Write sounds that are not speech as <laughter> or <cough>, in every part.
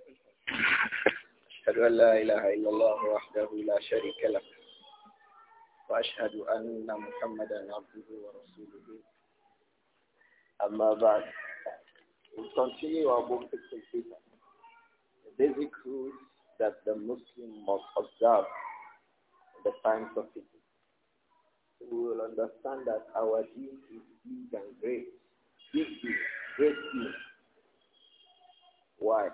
أشهد أن لا إله إلا الله وحده لا شريك له وأشهد أن محمدا عبده ورسوله أما بعد We continue our book Fiqh The basic rules that the Muslim must observe in the times of Fiqh. We will understand that our deed is big and great. Big deed, great deed. Why?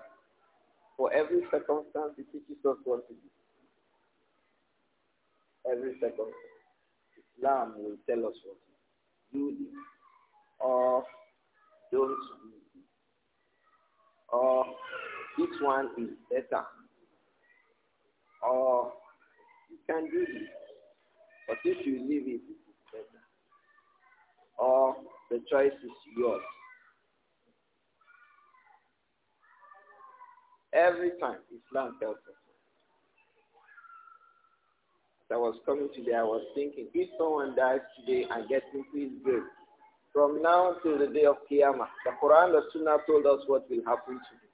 For every circumstance, it teaches us what to do. Every circumstance. Islam will tell us what to do. Do this. Or don't do this. Or this one is better. Or you can do this. But if you leave it, it is better. Or the choice is yours. Every time Islam tells us. I was coming today, I was thinking, if someone dies today I get into his grave, from now till the day of Qiyamah, the Quran, the Sunnah told us what will happen to you,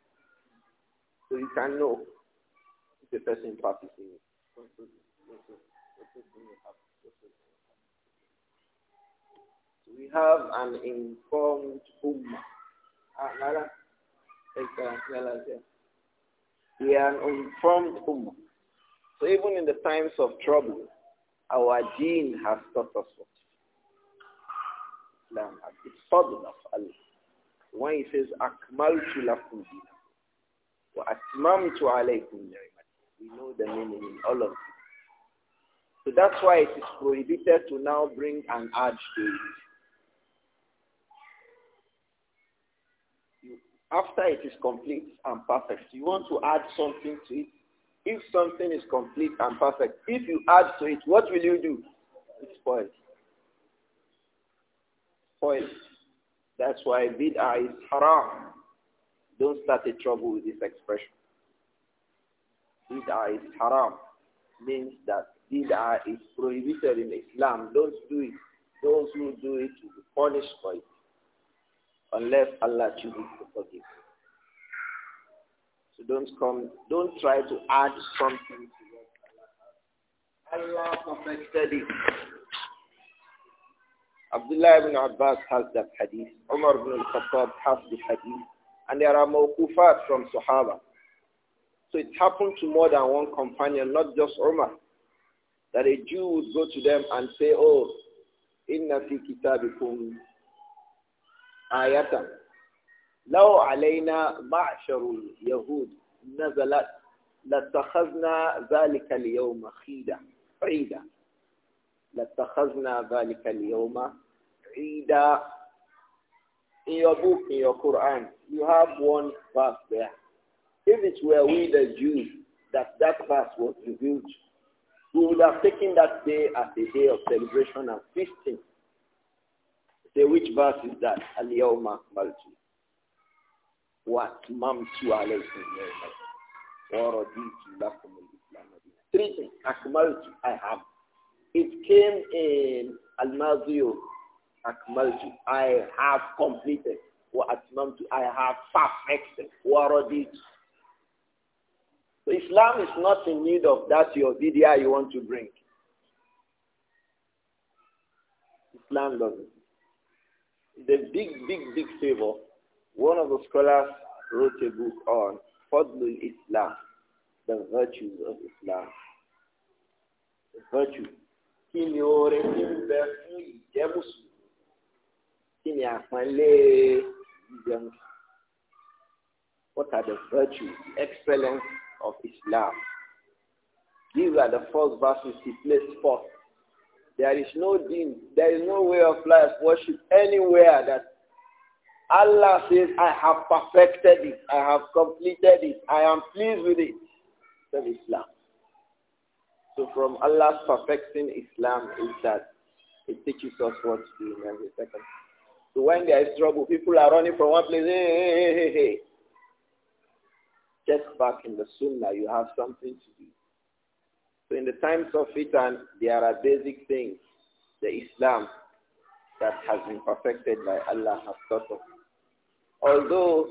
So you can know if the person passes away. We have an informed ummah. Ah, Nala, Take, uh, Lala, we are an informed ummah. So even in the times of trouble, our deen has taught us what? It's has the fadl When he says, Akmaltu lakum dinakum, wa atmamtu alaykum We know the meaning in all of it. So that's why it is prohibited to now bring an urge to it. After it is complete and perfect, you want to add something to it. If something is complete and perfect, if you add to it, what will you do? It spoils. Spoils. That's why bid'ah is haram. Don't start a trouble with this expression. Bid'ah is haram. Means that bid'ah is prohibited in Islam. Don't do it. Those who do it will be punished for it unless Allah chooses to forgive. So don't come, don't try to add something to what Allah perfected it. Abdullah ibn Abbas has that hadith. Umar ibn al-Khattab has the hadith. And there are mawkufat from Sahaba. So it happened to more than one companion, not just Umar, that a Jew would go to them and say, oh, inna fi kitabikum آية لو علينا معشر اليهود نزلت لاتخذنا ذلك اليوم خيدا عيدا لاتخذنا ذلك اليوم عيدا In your book, in your Quran, you have one verse there. If it were we the Jews that that verse was revealed, we would have taken that day as a day of celebration and feasting. Say which verse is that? Al-Yawma What mamtu alaykum yawma. lakum islam Three things. I have. It came in Al-Maziyu. Akmaltu, I have completed. What I have perfected. Wa So Islam is not in need of that your DDI you want to bring. Islam doesn't the big, big, big favor, one of the scholars wrote a book on Fadlul Islam, the virtues of Islam. The virtue. àpọ́nlé What are the virtues, the excellence of Islam? These are the first verses he placed forth there is no deen, there is no way of life worship anywhere that Allah says, I have perfected it, I have completed it, I am pleased with it. That is Islam. So from Allah's perfecting Islam is that it teaches us what to do in every second. So when there is trouble, people are running from one place. Hey, hey, hey, hey. Just back in the Sunnah, you have something to do. So in the times of fitan, there are basic things, the Islam that has been perfected by Allah has taught us. Although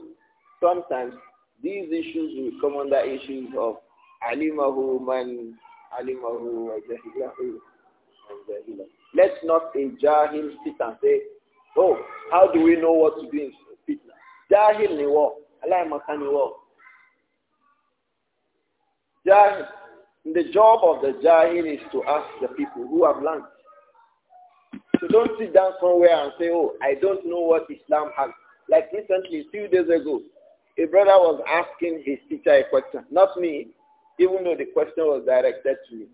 sometimes these issues will come under issues of alimahu man alimahu Let's not a jahil sit and say, oh, how do we know what to do in fitna? Jahil ni wa, Allah makani Jahil. The job of the jahil is to ask the people who have learned. So don't sit down somewhere and say, oh, I don't know what Islam has. Like recently, a few days ago, a brother was asking his teacher a question, not me, even though the question was directed to me,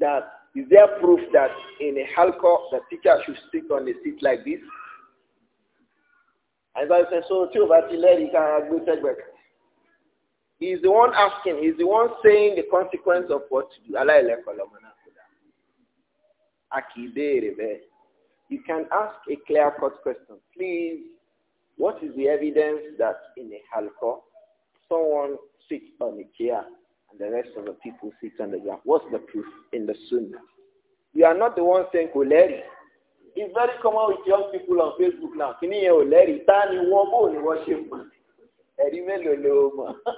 that is there proof that in a halqa the teacher should sit on a seat like this? And I said, so tí o bá too, but he let it gbé tẹ́gbẹ̀ẹ́ He's the one asking. He's the one saying the consequence of what to do. You can ask a clear-cut question. Please, what is the evidence that in a halqa, someone sits on a chair and the rest of the people sit on the ground? What's the proof in the sunnah? You are not the one saying koleri. It's very common with young people on Facebook now. Kini ye oleri, ta ni wo bo ni wo se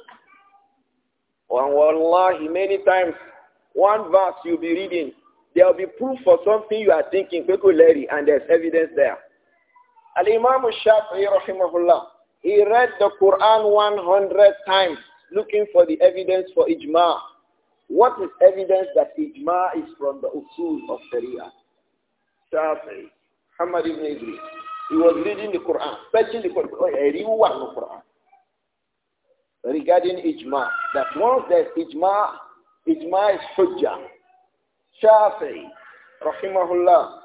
<laughs> And wallahi, many times, one verse you'll be reading, there will be proof for something you are thinking, peculiarly, and there's evidence there. Al-Imam Shafi'i, rahimahullah, he read the Quran 100 times looking for the evidence for ijma. What is evidence that ijma is from the usul of Sharia? Shafi'i, Muhammad ibn Idris, he was reading the Quran, searching the Quran, regarding ijma that once there's ijma, ijma is hujjah. Shafi'i, rahimahullah,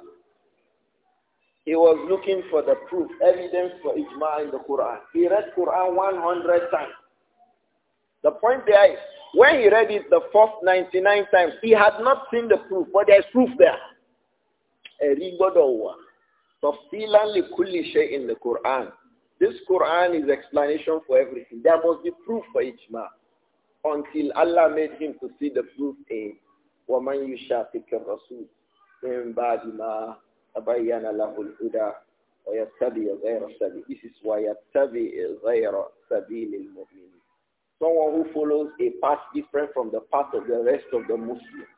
he was looking for the proof, evidence for ijma in the Quran. He read Quran 100 times. The point there is, when he read it the first 99 times, he had not seen the proof, but there's proof there. so Tafsilan li kulli shay in the Quran. This Quran is explanation for everything. There must be proof for each man until Allah made him to see the proof in وَمَنْ يُشَافِكَ الرَّسُولِ مِنْ بَعْدِ مَا تَبَيَّنَ لَهُ الْهُدَى وَيَتَّبِي غَيْرَ سَبِيلِ This is وَيَتَّبِي غَيْرِ سَبِيلِ الْمُؤْمِنِينَ Someone who follows a path different from the path of the rest of the Muslims.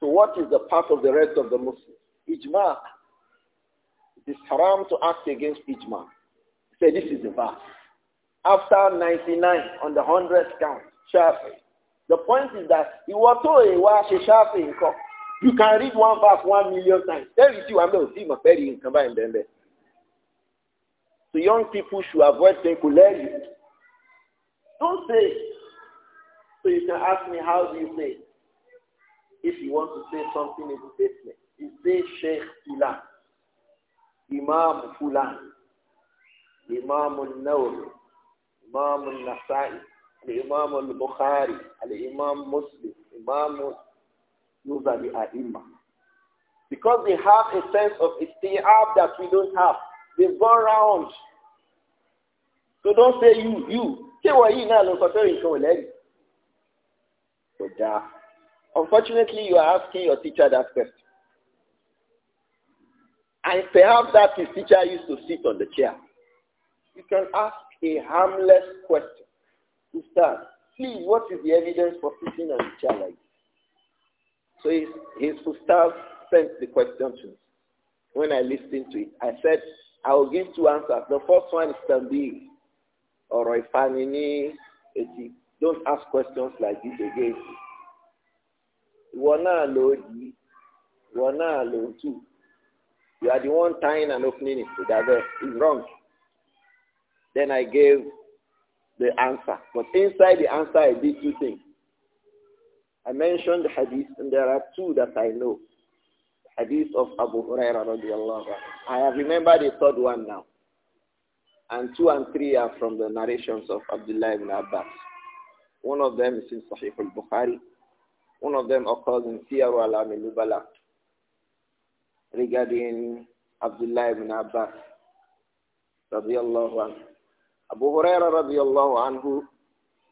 So what is the path of the rest of the Muslims? Ijma. It is haram to act against ijma. Say, this is the verse. After 99 on the 100th count, Shafi. The point is that told Iwato Ewa Shafi Nko. You can read one verse one million times. There is you, I'm not see my ferry in combined then. So young people should avoid secularity. Don't say. So you can ask me, how do you say? If you want to say something in the statement, you say Sheikh Fulan, Imam Fulan, Imam al-Nawawi, Imam al bukhari Imam Muslim, Imam Because they have a sense of istiab that we don't have. They've gone round. So don't say you, you. Say what you now look leg. So da. Unfortunately, you are asking your teacher that question. And perhaps that his teacher used to sit on the chair. You can ask a harmless question. Ustaz, please, what is the evidence for sitting on a chair like this? So his, his staff sent the question to me. When I listened to it, I said, I will give two answers. The first one is Tambi or Ifanini. Don't ask questions like this again. One lodi, one too. You are the one tying and opening it. is wrong. Then I gave the answer. But inside the answer, I did two things. I mentioned the hadith, and there are two that I know. The hadith of Abu Hurairah radiallahu I have remembered the third one now. And two and three are from the narrations of Abdullah ibn Abbas. One of them is in Sahih al-Bukhari. One of them occurs in Siyar al Nubala regarding Abdullah ibn Abbas radiallahu anhu. Abu Huraira radiallahu anhu,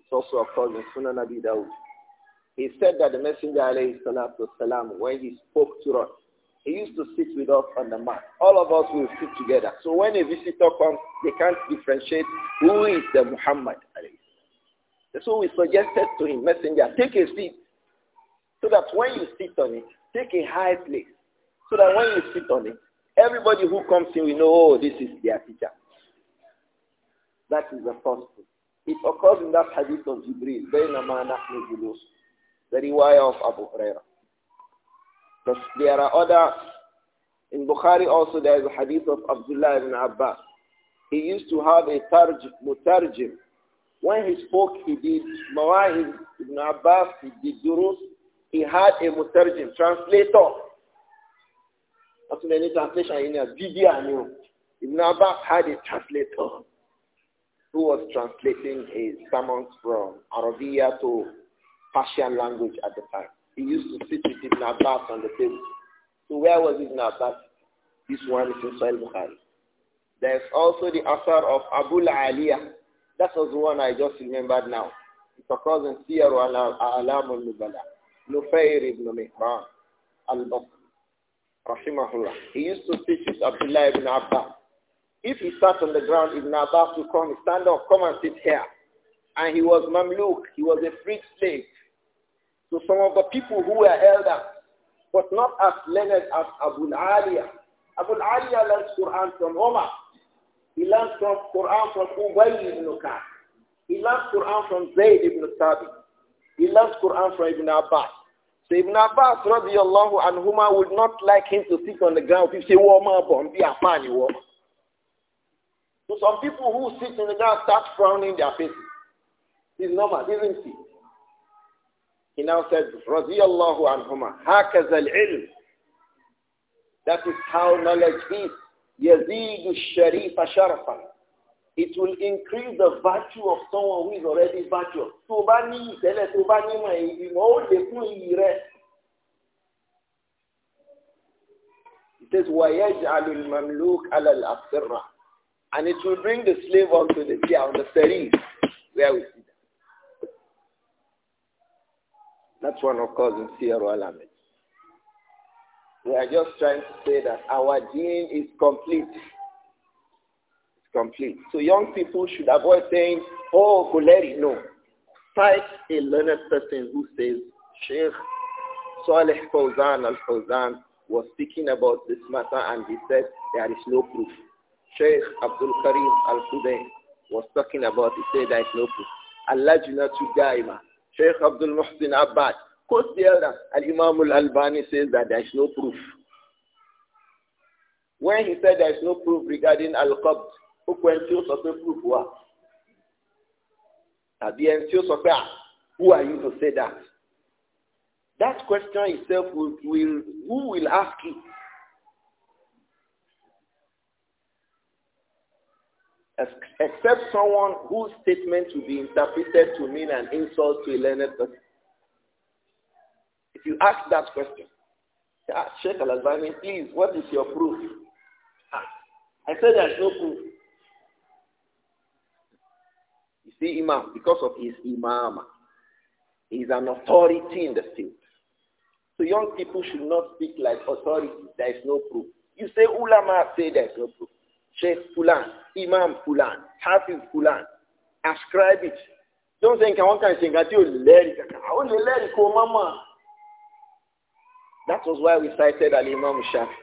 it's also of in Sunan Abi Dawud. He said that the Messenger alayhi salatu wasalam, when he spoke to us, he used to sit with us on the mat. All of us will sit together. So when a visitor comes, they can't differentiate who is the Muhammad alayhi so we suggested to him, messenger, take a seat so that when you sit on it, take a high place so that when you sit on it, everybody who comes in will know, oh, this is their teacher. That is the first thing. It occurs in that hadith of Jibril, بَيْنَمَا نَحْنُ جُلُوسٌ The riwayah of Abu Huraira. But there are other, in Bukhari also there is a hadith of Abdullah ibn Abbas. He used to have a tarj, mutarjim. When he spoke, he did mawahib ibn Abbas, he did durus. He had a mutarjim, translator. That's many translation in a video. Ibn Abbas had a translator who was translating his sermons from Arabia to Persian language at the time. He used to sit with Ibn Abbas on the table. So where was Ibn Abbas? This one is in Sahih Bukhari. There's also the author of Abu Aliyah. That was the one I just remembered now. It occurs in Siyar al-Alam al-Nubala. Nufayr ibn Mihran al-Bakr. Rahimahullah. He used to sit with Abdullah ibn Abbas. If he sat on the ground, Ibn Abbas would come, stand up, come and sit here. And he was Mamluk. He was a free slave. So some of the people who were elders, but not as learned as Abu al-Aliya. Abu al-Aliya learned Quran from Omar. He learned from Quran from Ubay ibn Ka'b. He learned Quran from Zayd ibn Thabit. He learned Quran from Ibn Abbas. So Ibn Abbas, radiallahu anhuma, would not like him to sit on the ground. He say, Woma, bombi, afani, woma. So some people who sit in the ground start frowning their faces. It's normal, isn't it? He now said, Radiallahu anhuma, hakaza al-ilm. That is how knowledge is. Yazidu sharifa sharafan. It will increase the virtue of someone who is already virtuous. Tó bá ní ìtẹ́lẹ̀ tó bá the mọ̀ ìgbìmọ̀ It says, وَيَجْعَلُ الْمَمْلُوكَ عَلَى الْأَفْسِرَّةِ and it will bring the slave onto the pier on the series where we see that That's one of course in Sierra Alameda. We are just trying to say that our gene is complete. It's complete. So young people should avoid saying, oh, it No. Fight a learned person who says, Sheikh Saleh Fawzan al-Fawzan was speaking about this matter and he said there is no proof. Sheikh Abdul Karim Al-Qudayy was talking about, he said there is no proof. Allah Junatu gaima. Sheikh Abdul Muhsin Abbad quotes the elder. Al-Imam Al-Albani says that there is no proof. When he said there is no proof regarding Al-Qabd, who can ẹni tí proof wà. Ah, who are you to say that? That question itself will, will who will ask it? except someone whose statement will be interpreted to mean an insult to a learned person. If you ask that question, ask ah, Sheikh Al-Albani, please, what is your proof? Ah, I said there's no proof. You see, Imam, because of his Imam, he's an authority in the field. So young people should not speak like authorities. There is no proof. You say ulama say there is no proof. Sheikh Fulan, Imam Fulan, Hafiz Fulan. Ascribe it. Don't think I want to sing that you learn. it. I want to learn ko mama. That was why we cited Al Imam Shafi.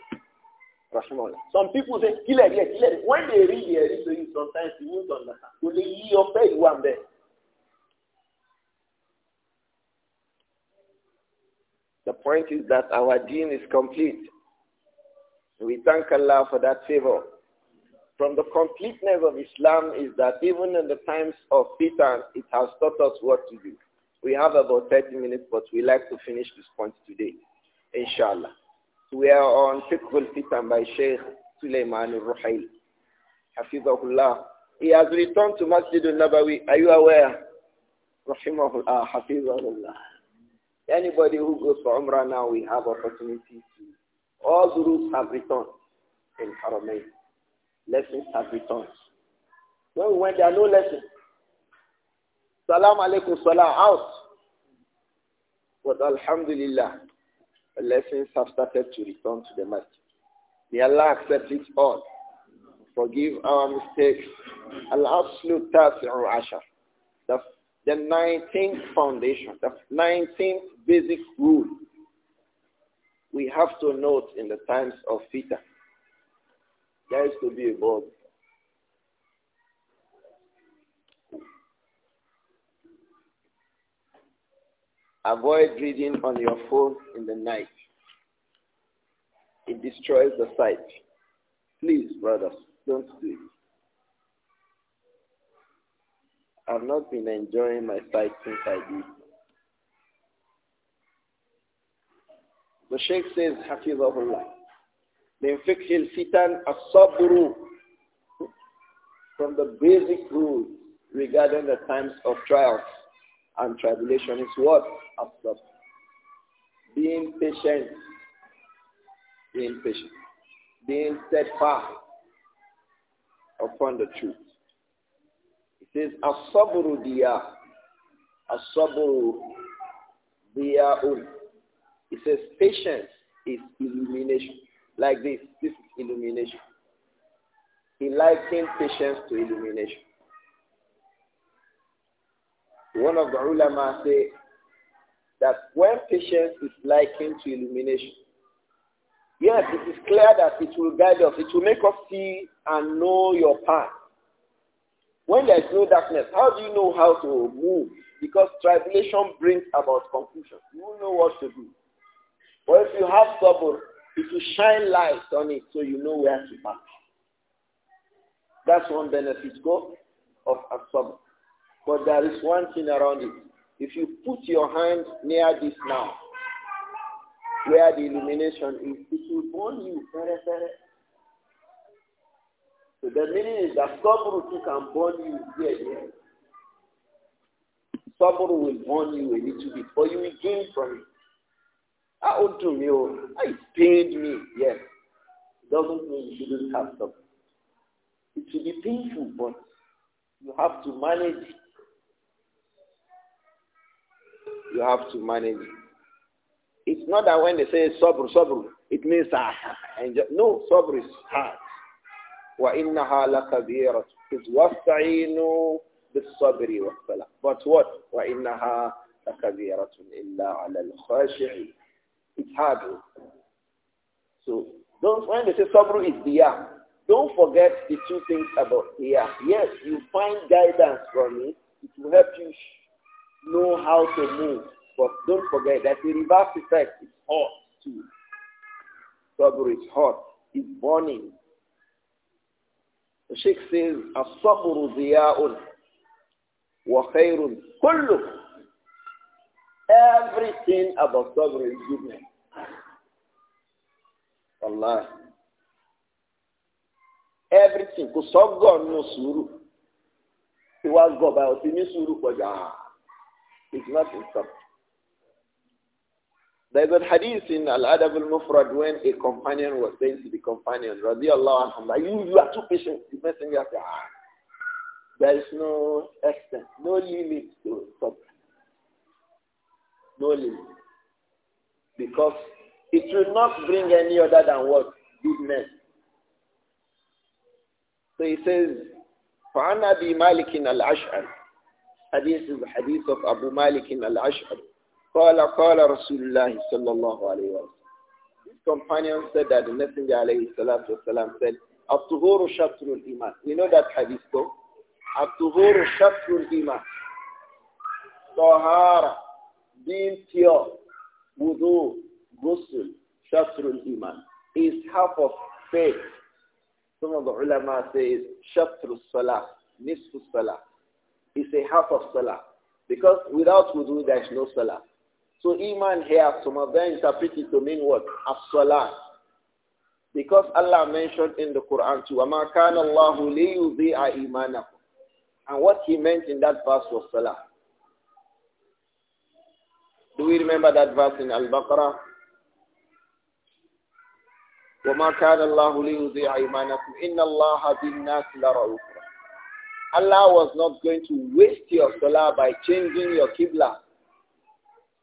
Some people say, kill it, yeah, kill it. When they read the Hadith to you, sometimes you won't understand. Will they your bed one day? The point is that our deen is complete. We thank Allah for that favor. From the completeness of Islam is that even in the times of fitan, it has taught us what to do. We have about 30 minutes, but we like to finish this point today, inshallah. we are on Fiqh fitan by Sheikh Sulaiman al-Ruhail. Hafizahullah. He has returned to Masjid al-Nabawi. Are you aware? Rahimahullah. Ah, Hafizahullah. Anybody who goes for Umrah now, we have opportunity to. All the rules have returned in Haramayn lessons have returned. When we went, there are no lessons. Salam alaikum, salam out. But alhamdulillah, the lessons have started to return to the masjid. May Allah accept it all. Forgive our mistakes. Al-Aslu Tasi'u Ashar. The, the 19th foundation, the 19th basic rule we have to note in the times of Fita. There to be a bulb. Avoid reading on your phone in the night. It destroys the sight. Please, brothers, don't do it. I've not been enjoying my sight since I did. The Sheikh says, Hafizahullah. من فقه الفتن الصبر from the basic rule regarding the times of trials and tribulation is what? Absorb. Being patient. Being patient. Being steadfast upon the truth. It says, Asaburu diya. Asaburu diya'un. It says, patience is illumination. Like this. This is illumination. He likened patience to illumination. One of the ulama say that when patience is likened to illumination, yes, it is clear that it will guide us. It will make us see and know your path. When there is no darkness, how do you know how to move? Because tribulation brings about confusion. You know what to do. But if you have trouble, it will shine light on it so you know where to park. That's one benefit go of absorb. But there is one thing around it. If you put your hand near this now, where the illumination is, it will burn you. So the meaning is that Sabru too can burn you here, here. Sabru will burn you a little bit, but you will gain from it. I ó to oh? you. o. Ah, it pained me. Yes. It doesn't mean you shouldn't have something. It should be painful, but you have to manage it. You have to manage it. It's not that when they say sabr, sabr, it means ah, ah, ah enjoy. No, sabr is hard. وَإِنَّهَا لَكَبِيرَةٌ It's وَاسْتَعِينُوا بِالصَّبْرِ وَالصَّلَاةِ But what? وَإِنَّهَا لَكَبِيرَةٌ إِلَّا عَلَى الْخَاشِعِينَ it's hard. Oh. So don't when they say sabru is diyah, don't forget the two things about diyah. Yes, you find guidance from it. It will help you know how to move. But don't forget that the reverse effect is hot too. Sabr is hot. It's burning. The Sheikh says, الصبر wa khairun كله Everything about sabr is goodness. Allah. Everything. Because sọ́gọ̀ nù sùúrù. Tí He was God by ní sùúrù pọ̀jù. Ah, it's not in There's a hadith in Al-Adab al-Mufrad when a companion was saying to the companion, radiallahu anhu, you, you are too patient. The messenger said, ah, there is no extent, no limit to sabr. Only Because it will not bring any other than what? Goodness. So he says, فَعَنَ أَبِي مَالِكٍ الْعَشْعَرِ Hadith is the hadith of Abu Malikin al-Ash'ari. قَالَ قَالَ رَسُولُ اللَّهِ صَلَّى اللَّهُ عَلَيْهِ وَسَلَّمُ His companion said that the Messenger alayhi salatu wasalam said, أَبْتُغُورُ شَطْرُ الْإِيمَانِ We know that hadith though? أَبْتُغُورُ شَطْرُ الْإِيمَانِ طَهَارَةً being pure, wudu, ghusl, shatrul iman, is half of faith. Some of the ulama say shatrul salah, nisfu salah. It's a half of salah. Because without wudu, there is no salah. So iman here, some of them interpret it to mean what? As-salah. Because Allah mentioned in the Quran too, وَمَا كَانَ اللَّهُ لِيُضِيعَ إِيمَانَكُمْ And what he meant in that verse was salah. Do we remember that verse in Al-Baqarah? وما كان الله ليضيع إيمانكم إن الله بالناس لرؤوف Allah was not going to waste your salah by changing your qibla.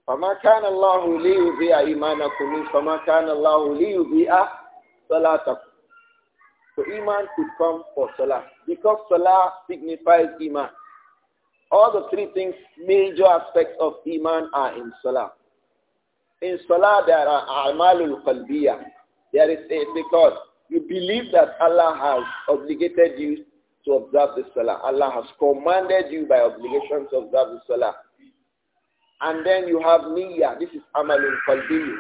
فما كان الله ليضيع إيمانكم فما كان الله ليضيع صلاتكم So iman could come for salah because salah signifies iman. All the three things, major aspects of Iman are in Salah. In Salah there are A'malul qalbiya. There is a, because you believe that Allah has obligated you to observe the Salah. Allah has commanded you by obligation to observe the Salah. And then you have Niyyah. This is Amalul qalbiya.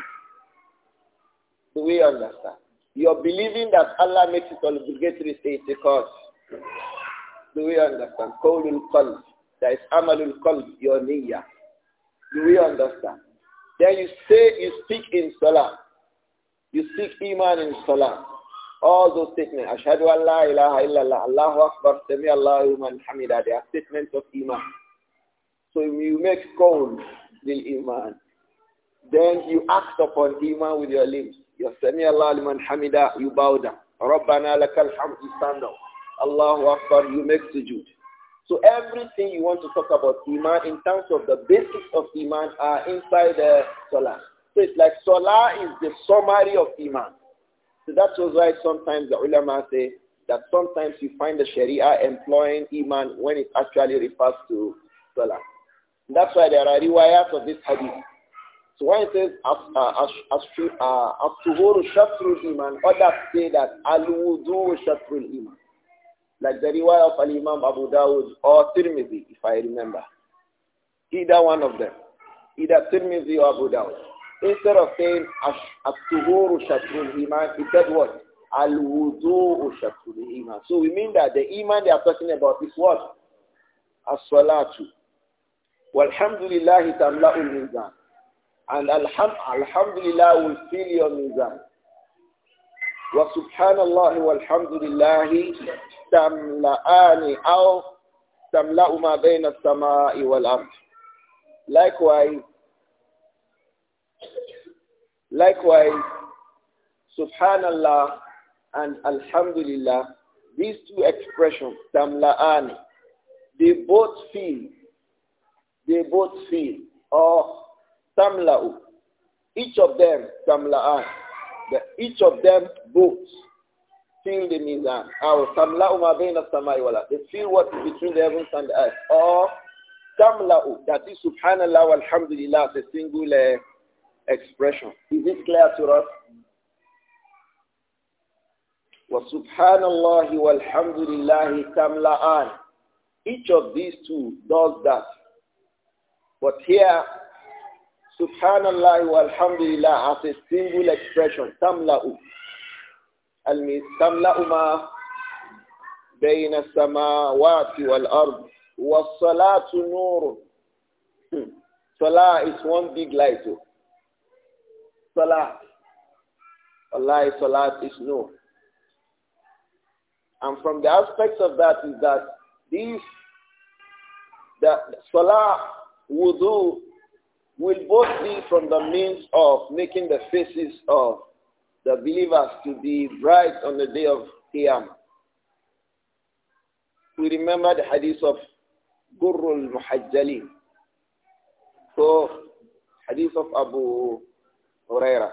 Do we understand? You're believing that Allah makes it obligatory, state cause. Do we understand? Qawlul Qalb. That is amalul qalb, your niyyah. Do we understand? Then you say, you speak in salah. You speak iman in salah. All those statements, ashhadu an la ilaha illallah, Allahu Akbar, sami Allahu man hamida, they are statements of iman. So you make qawl lil iman. Then you act upon iman with your limbs. You sami Allah liman hamida, you bow down. Rabbana lakal hamd, you stand up. Allahu Akbar, you make sujood. So everything you want to talk about Iman in terms of the basics of Iman are inside the Salah. So it's like Salah is the summary of Iman. So that was why sometimes the ulama say that sometimes you find the Sharia employing Iman when it actually refers to Salah. that's why there are riwayats of this hadith. So when it says as-tuhuru uh, shatrul iman, others say that al-wudu shatrul iman like the riwayah of Al-Imam Abu Dawud or Tirmidhi, if I remember. Either one of them. Either Tirmidhi or Abu Dawud. Instead of saying, At-tuhuru shatrul iman, he said what? Al-wudu'u shatrul iman. So we mean that the iman they are talking about is what? As-salatu. Walhamdulillahi al mizan. And alham, alhamdulillah will fill your mizan. وسبحان الله والحمد لله Tamlāu ma تملأ ما بين wal والأرض likewise likewise subhanallah and alhamdulillah these two expressions tamla'ani they both feel they both feel or tamla'u each of them tamla'an each of them both seeing the mizan. Uh, or tamla'u ma samai wala. They feel what is between the heavens and the earth. Or tamla'u. That is subhanallah alhamdulillah, It's a single expression. Is this clear to us? وَسُبْحَانَ اللَّهِ وَالْحَمْدُ لِلَّهِ تَمْلَآنِ Each of these two does that. But here, Subhanallah walhamdulillah as a single expression, tamla'u. المستملأ ما بين السماوات والأرض والصلاة نور Salah is one big light. Salah. is Salat is no. And from the aspects of that is that this, the Salah, Wudu, will both be from the means of making the faces of the believers to be bright on the day of Qiyam. We remember the hadith of Gurrul Muhajjalin. So, hadith of Abu Huraira.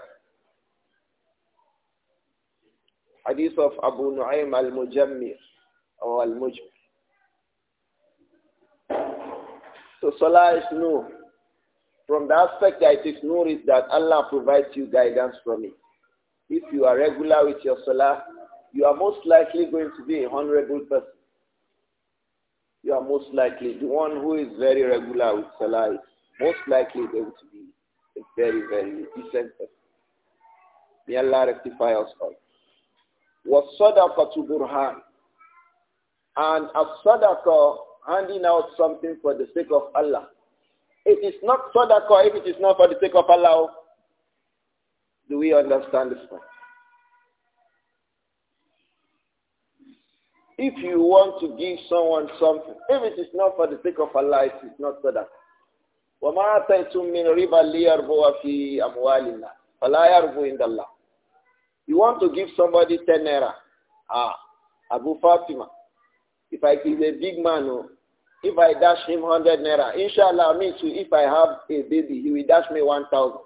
Hadith of Abu Nu'aym al-Mujammir or al-Mujmir. So Salah is nur. From the aspect that it is nur is that Allah provides you guidance from it if you are regular with your salah, you are most likely going to be a honorable person. You are most likely, the one who is very regular with salah is most likely going to be a very, very decent person. May Allah rectify us all. وَالصَّدَقَةُ Burhan, And a sadaqah, handing out something for the sake of Allah. It is not sadaqah if it is not for the sake of Allah. Do we understand this point? If you want to give someone something, if it is not for the sake of Allah, it is not for that. وَمَا أَتَيْتُم مِّن رِبًا لِيَرْبُوَ فِي فَلَا اللَّهِ You want to give somebody 10 naira. Ah, Abu Fatima. If I is a big man, oh, if I dash him 100 naira, inshallah, me too, if I have a baby, he will dash me 1,000.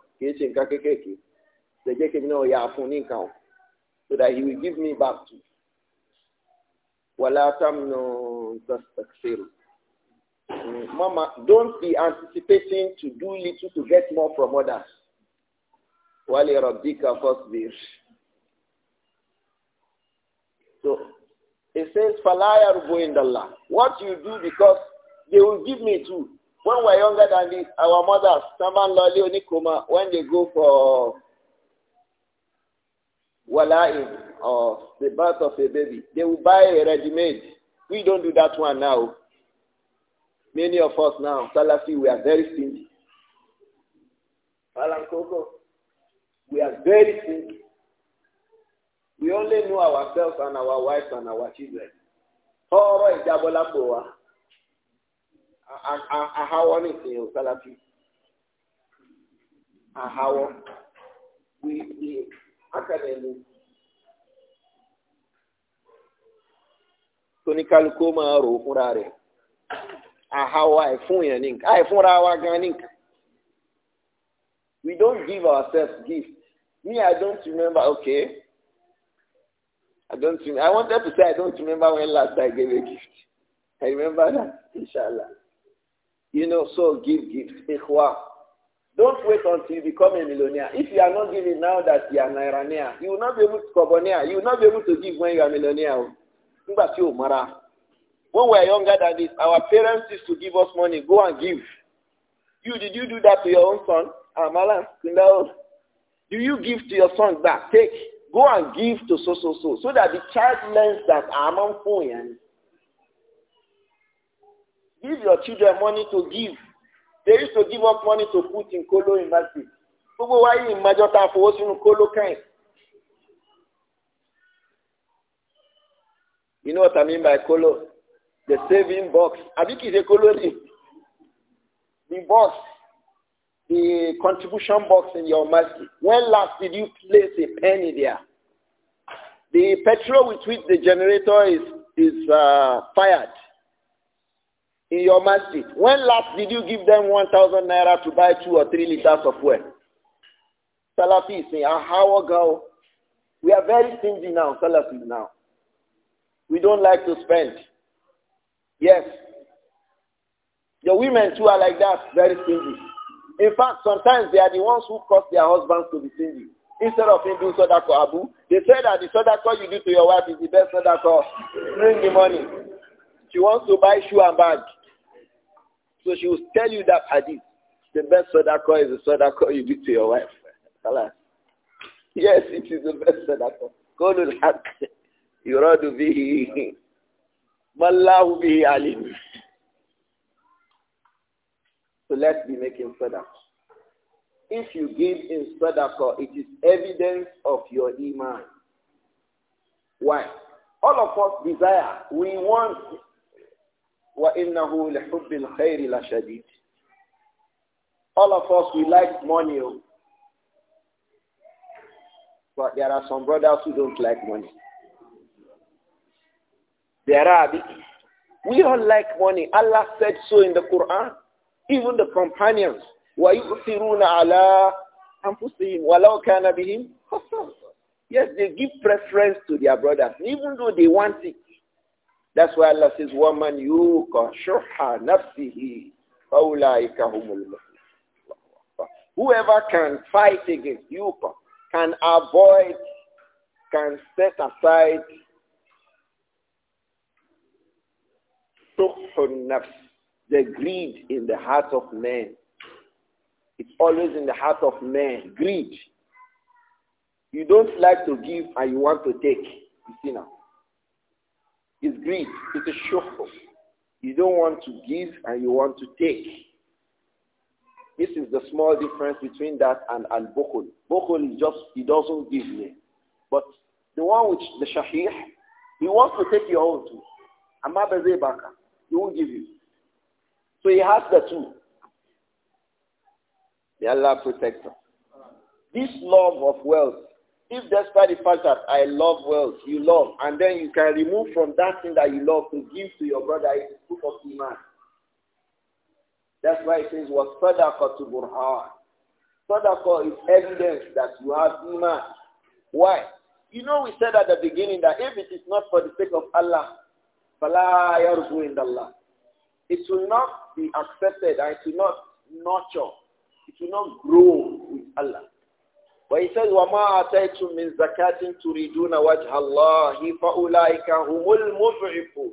The jẹ́ kébí náà yà á fún so that he will give me back to wàlá tamnà tàṣẹ̀rù. Mama, don't be anticipating to do little to get more from others. Wale first fasbir. So it says, Falaya rubu What you do because they will give me too. When we're younger than this, our mothers, Taman Lali Onikoma, when they go for wala'im or the birth of a baby. They will buy a ready-made. We don't do that one now. Many of us now, Salafi, we are very stingy. Alan Koko, we are very stingy. We only know ourselves and our wives and our children. Ọ̀rọ̀ ìjábọ́lá kò wá. Àháwọ́ nìsín ò Salafi. Àháwọ́. We, we, rò wa gan we don't give ourselves gifts. me i don't remember okay i don't remember i wanted to say i don't remember when last i gave a gift i remember that inshallah you know so give gifts ikhwa don't wait until you become a millionaire. If you are not giving now that you are an Iranian, you will not be able to coboneer. You will not be able to give when you are a millionaire. When we are younger than this, our parents used to give us money. Go and give. You did you do that to your own son? Amala, ah, no. Do you give to your son back? Take. Go and give to so so so so that the child learns that I'm ah, on Give your children money to give. They used to give up money to put in Kolo in Masjid. Gbogbo wa yìí ìmọ̀jọ ta fowó sínú Kolo kẹ́yìn. You know what I mean by Kolo? The saving box. Àbí kìí ṣe Kolo ni? The box, the contribution box in your masjid. When last did you place a penny there? The petrol with which the generator is, is uh, fired in your masjid. When last did you give them 1,000 naira to buy two or three liters of water? Salafis in Ahawa girl, we are very stingy now, Salafis now. We don't like to spend. Yes. The women too are like that, very stingy. In fact, sometimes they are the ones who cause their husbands to be stingy. Instead of him doing sodako abu, they say that the sodako you do to your wife is the best sodako. Bring the money. She wants to buy shoe and bag. So she will tell you that hadith. The best sadaqah is the sadaqah you do to your wife. Yes, it is the best sadaqah. قول الحق يراد به ما الله به عليم. So let's be making sadaqah. If you give in sadaqah, it is evidence of your iman. Why? All of us desire, we want وَإِنَّهُ لِحُبِّ الْخَيْرِ لَشَدِيدٍ All of us, we like money. Oh. But there are some brothers who don't like money. There are. We all like money. Allah said so in the Quran. Even the companions. وَيُؤْثِرُونَ عَلَىٰ أَنفُسِهِمْ وَلَوْ كَانَ بِهِمْ Yes, they give preference to their brothers, even though they want it. That's why Allah says, وَمَنْ you شُحَّ نَفْسِهِ Whoever can fight against you can avoid, can set aside the greed in the heart of man. It's always in the heart of man, greed. You don't like to give and you want to take. You see now. It's greed. It's a show. You don't want to give and you want to take. This is the small difference between that and and bukhul Bukhul is just, he doesn't give me. But the one which, the shahih, he wants to take your own too. Amma He won't give you. So he has the two. The Allah protector. This love of wealth if despite the fact that I love wealth, you love, and then you can remove from that thing that you love to give to your brother, it's proof of iman. That's why it says, was sadaqah to burhan. Sadaqah is evidence that you have iman. Why? You know we said at the beginning that if it is not for the sake of Allah, فَلَا يَرْضُ Allah, It will not be accepted and it will not nurture. It will not grow with Allah. But he says, وَمَا أَتَيْتُم مِّن زَكَاةٍ تُرِيدُونَ وَجْهَ اللَّهِ فَأُولَٰئِكَ هُمُ الْمُضْعِفُونَ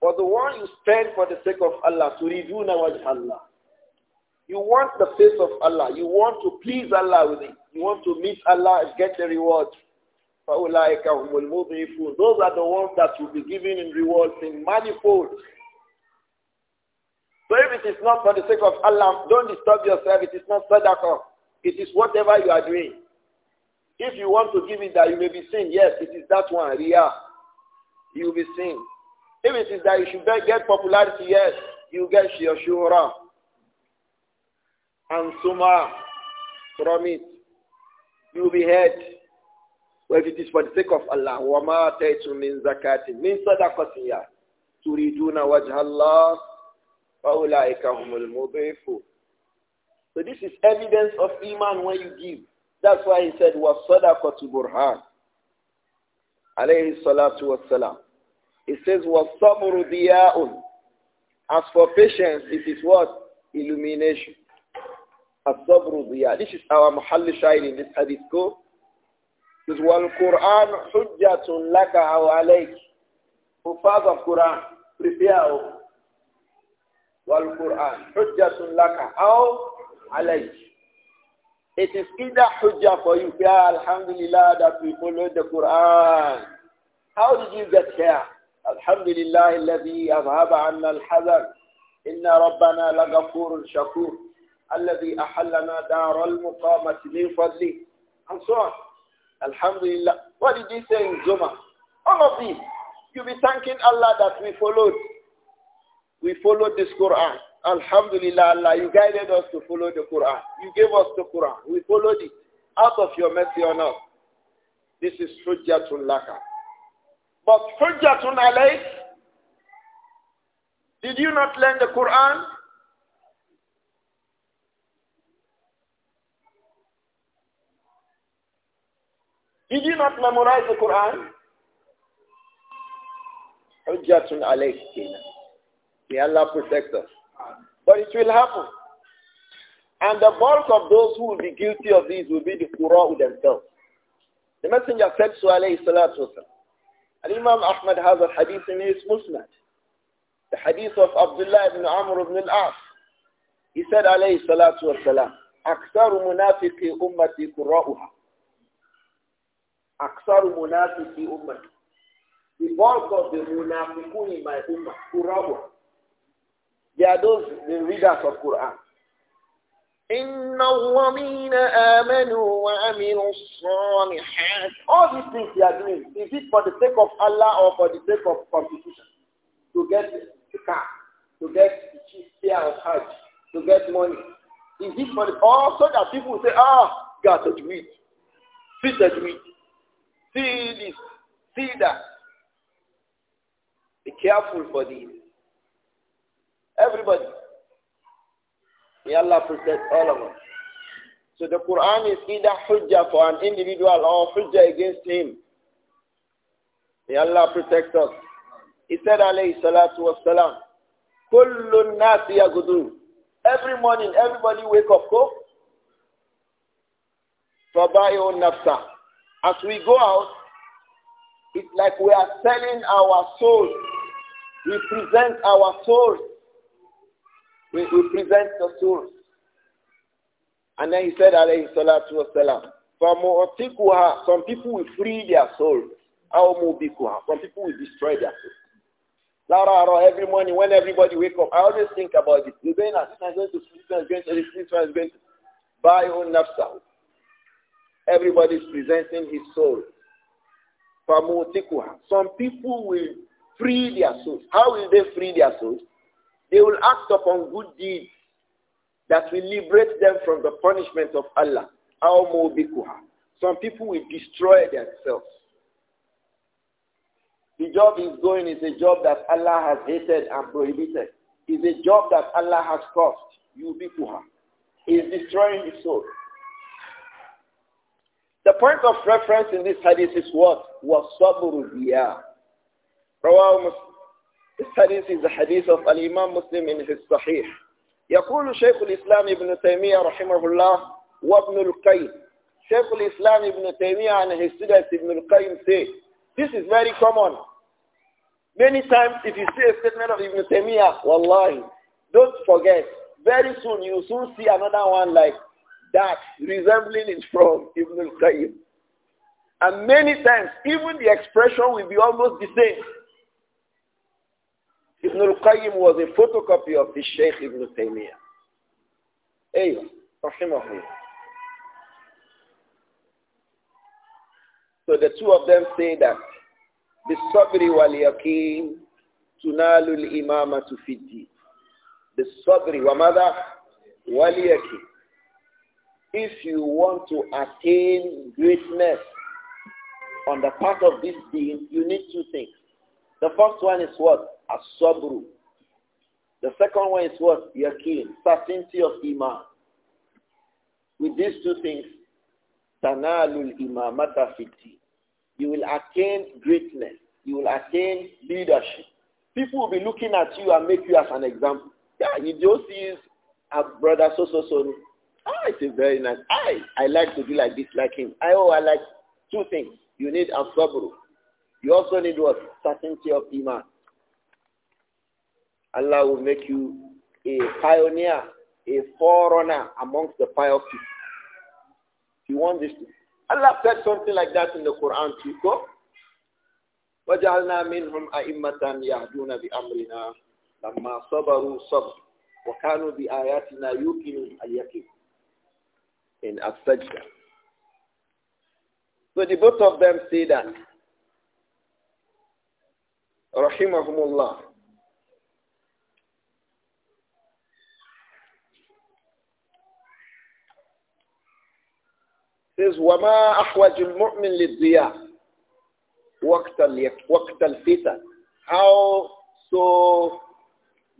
For the one you spend for the sake of Allah, تُرِيدُونَ وَجْهَ اللَّهِ You want the face of Allah. You want to please Allah with it. You want to meet Allah and get the reward. فَأُولَٰئِكَ هُمُ الْمُضْعِفُونَ Those are the ones that will be given in rewards in manifold. So if it is not for the sake of Allah, don't disturb yourself. It is not sadaqah. It is whatever you are doing. If you want to give it that you may be seen, yes, it is that one, Ria. You will be seen. If it is that you should get popularity, yes, you get your shura and suma from it. You will be heard. Well, if it is for the sake of Allah, وَمَا تَيْتُ مِنْ زَكَاتٍ مِنْ صَدَقَةٍ تُرِيدُونَ وَجْهَ اللَّهِ فَأُولَٰئِكَ هُمُ so this is evidence of iman when you give. That's why he said, was sadaqatu burhan. Alayhi salatu salam. He says, was sabru diya'un. As for patience, it is what? Illumination. As-sabru diya. This is our mahal shahid in this hadith go. This wal Quran hujjatun laka aw alayk. father of Quran. Prepare. Oh. Wal Quran hujjatun laka aw alayk. It is either hujjah for you, here. alhamdulillah, that we followed the Quran. How did you get here? Alhamdulillah, الذي أذهب عنا الحذر. إن ربنا لغفور شكور. الذي أحلنا دار المقامة من فضله. And so on. Alhamdulillah. What did he say in Zuma? All of these. You'll be thanking Allah that we followed. We followed this Quran. Alhamdulillah, Allah, you guided us to follow the Quran. You gave us the Quran. We followed it out of your mercy on us. This is Hujjatun Laka. But Hujjatun Alayk, did you not learn the Quran? Did you not memorize the Quran? Hujjatun Alayk. May Allah protect us. But it will happen. And the bulk of those who will be guilty of these will be the Qura'u themselves. The Messenger said to alayhi salatu wasalam, imam Ahmad has a hadith in his Musnad. The hadith of Abdullah ibn Amr ibn al-As. He said alayhi salatu wasalam, أكثر منافق أمتي قراؤها أكثر منافق أمتي The bulk of the munafiqun in my ummah, قراؤها they are those the readers of Quran. إن amanu wa وعملوا الصالحات All these things they are doing, is it for the sake of Allah or for the sake of competition? To get the car, to get the chief fare of Hajj, to get money. Is it for the, so that people say, ah, God that weed, see that weed, see this, see that. Be careful for these. Everybody. May Allah protect all of us. So the Quran is either hujjah for an individual or hujjah against him. May Allah protect us. He said, alayhi salatu wassalam, Kullu nasi yagudu. Every morning, everybody wake up, go. Fabayo nafsa. As we go out, it's like we are selling our souls. We present our souls we, we present the soul, And then he said, alayhi salatu wasalam, فَمُعْتِقُهَا Some people will free their soul. أَوْ مُبِكُهَا Some people will destroy their soul. every morning when everybody wake up, I always think about this. You're going to this one's going to this one's going to this going to buy own nafsah. is presenting his soul. Some people will free their souls. How will they free their souls? They will act upon good deeds that will liberate them from the punishment of Allah. Some people will destroy themselves. The job is going is a job that Allah has hated and prohibited. It's a job that Allah has cursed. You bikuha. It's destroying the soul. The point of reference in this hadith is what? Was sabru Rawahu this hadith is the hadith of Al-Imam Muslim in his Sahih. يقول شيخ الإسلام ابن تيمية رحمه الله وابن القيم شيخ الإسلام ابن تيمية and his students ابن القيم say this is very common many times if you see a statement of ابن تيمية wallahi don't forget very soon you soon see another one like that resembling it from Ibn al And many times, even the expression will be almost the same. Ibn al-Qayyim was a photocopy of the Sheikh Ibn Taymiyyah. Ayo, rahimahullah. So the two of them say that بالصبر واليقين تنال الإمامة في الدين بالصبر وماذا واليقين If you want to attain greatness on the part of this being, you need two things. The first one is what? as The second one is what? yakin, certainty of iman. With these two things, tanalul imamata fiti. You will attain greatness. You will attain leadership. People will be looking at you and make you as an example. Yeah, you just use a ah, brother so so so. Ah, it's a very nice. I I like to be like this, like him. I oh I like two things. You need a sabru. You also need what? Certainty of iman. Allah will make you a pioneer, a forerunner amongst the pious people. You want this? Thing. Allah said something like that in the Quran too. Go. وَجَعَلْنَا مِنْهُمْ أَئِمَّةً يَهْدُونَ بِأَمْرِنَا لَمَّا صَبَرُوا وَكَانُوا بِآيَاتِنَا يُوقِنُونَ الْيَقِينَ In So the both of them say that. رَحِمَهُمُ اللَّهُ says, وَمَا أَحْوَجُ الْمُؤْمِنِ لِلضِّيَاءِ وَقْتَ الْفِتَنِ How so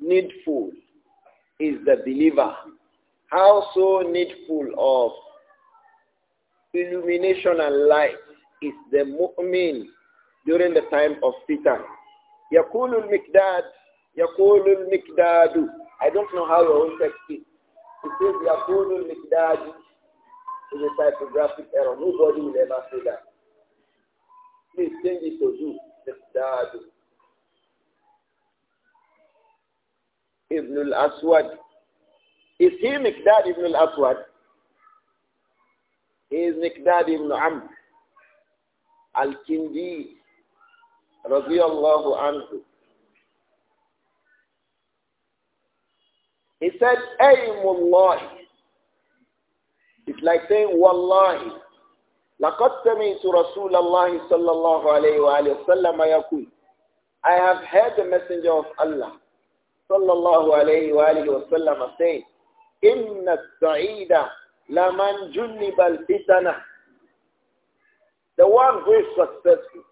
needful is the believer? How so needful of illumination and light is the mu'min during the time of fitan. يَقُولُ الْمِكْدَادُ يَقُولُ الْمِكْدَادُ I don't know how your own text is. It says يَقُولُ is the typographic error. Nobody will ever say that. Please change it to do. Miqdadu. Ibn al-Aswad. Is he Miqdad ibn al-Aswad? He is Miqdad ibn Amr al-Kindi رَضِيَ اللَّهُ عَنْهُ. He said, Aymullah like saying, Wallahi. لقد سمعت رسول الله صلى الله عليه وآله وسلم يقول I have heard the messenger of Allah صلى الله عليه وآله وسلم say إن السعيد لمن جنب الفتنة The one who is successful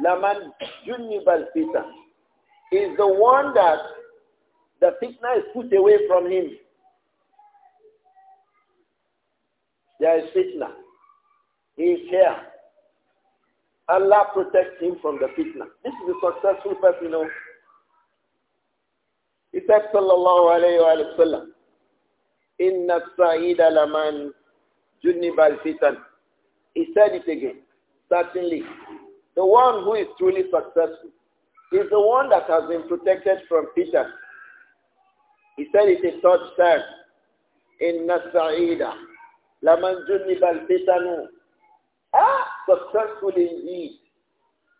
لمن جنب الفتنة is the one that the fitna is put away from him There is fitna. He is here. Allah protects him from the fitna. This is a successful person, you know. He said, sallallahu alayhi wa sallam, Inna alaman junib al fitan. He said it again. Certainly, the one who is truly successful is the one that has been protected from fitna. He said it a third time. Inna sa'ida لَمَنْ جُنِّبَ الْفِتَنُ Ah, successful indeed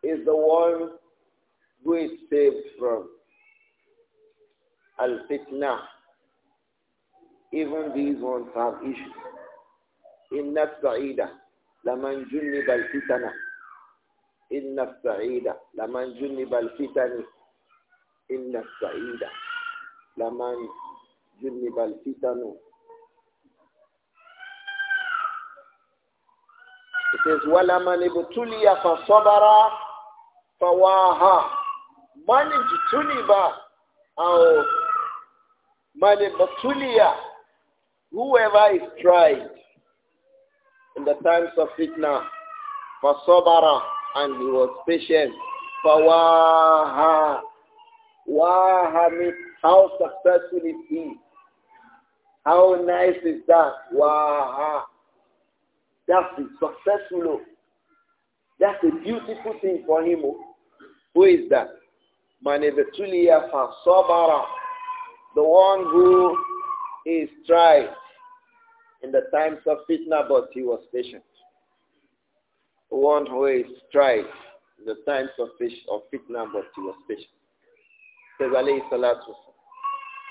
is the one who is saved from al-fitna. Even these ones have issues. إِنَّ السَّعِيدَ لَمَنْ جُنِّبَ الْفِتَنَ إِنَّ السَّعِيدَ لَمَنْ جُنِّبَ الْفِتَنِ إِنَّ السَّعِيدَ لَمَنْ جُنِّبَ الْفِتَنُ says, Wala manibutuliya fa sabara fa waha. Manibutuliba aw manibutuliya. Whoever is tried in the times of fitna fa sobara, and he was patient fa ha. Waha means how successful is How nice is that? Waha. Wow. That's the successful law. That's a beautiful thing for him. Oh. Who is that? Manevatuliya Fasabara. The one who is tried in the times of fitna, but he was patient. The one who is tried in the times of, of fitna, but he was patient. Says alayhi salatu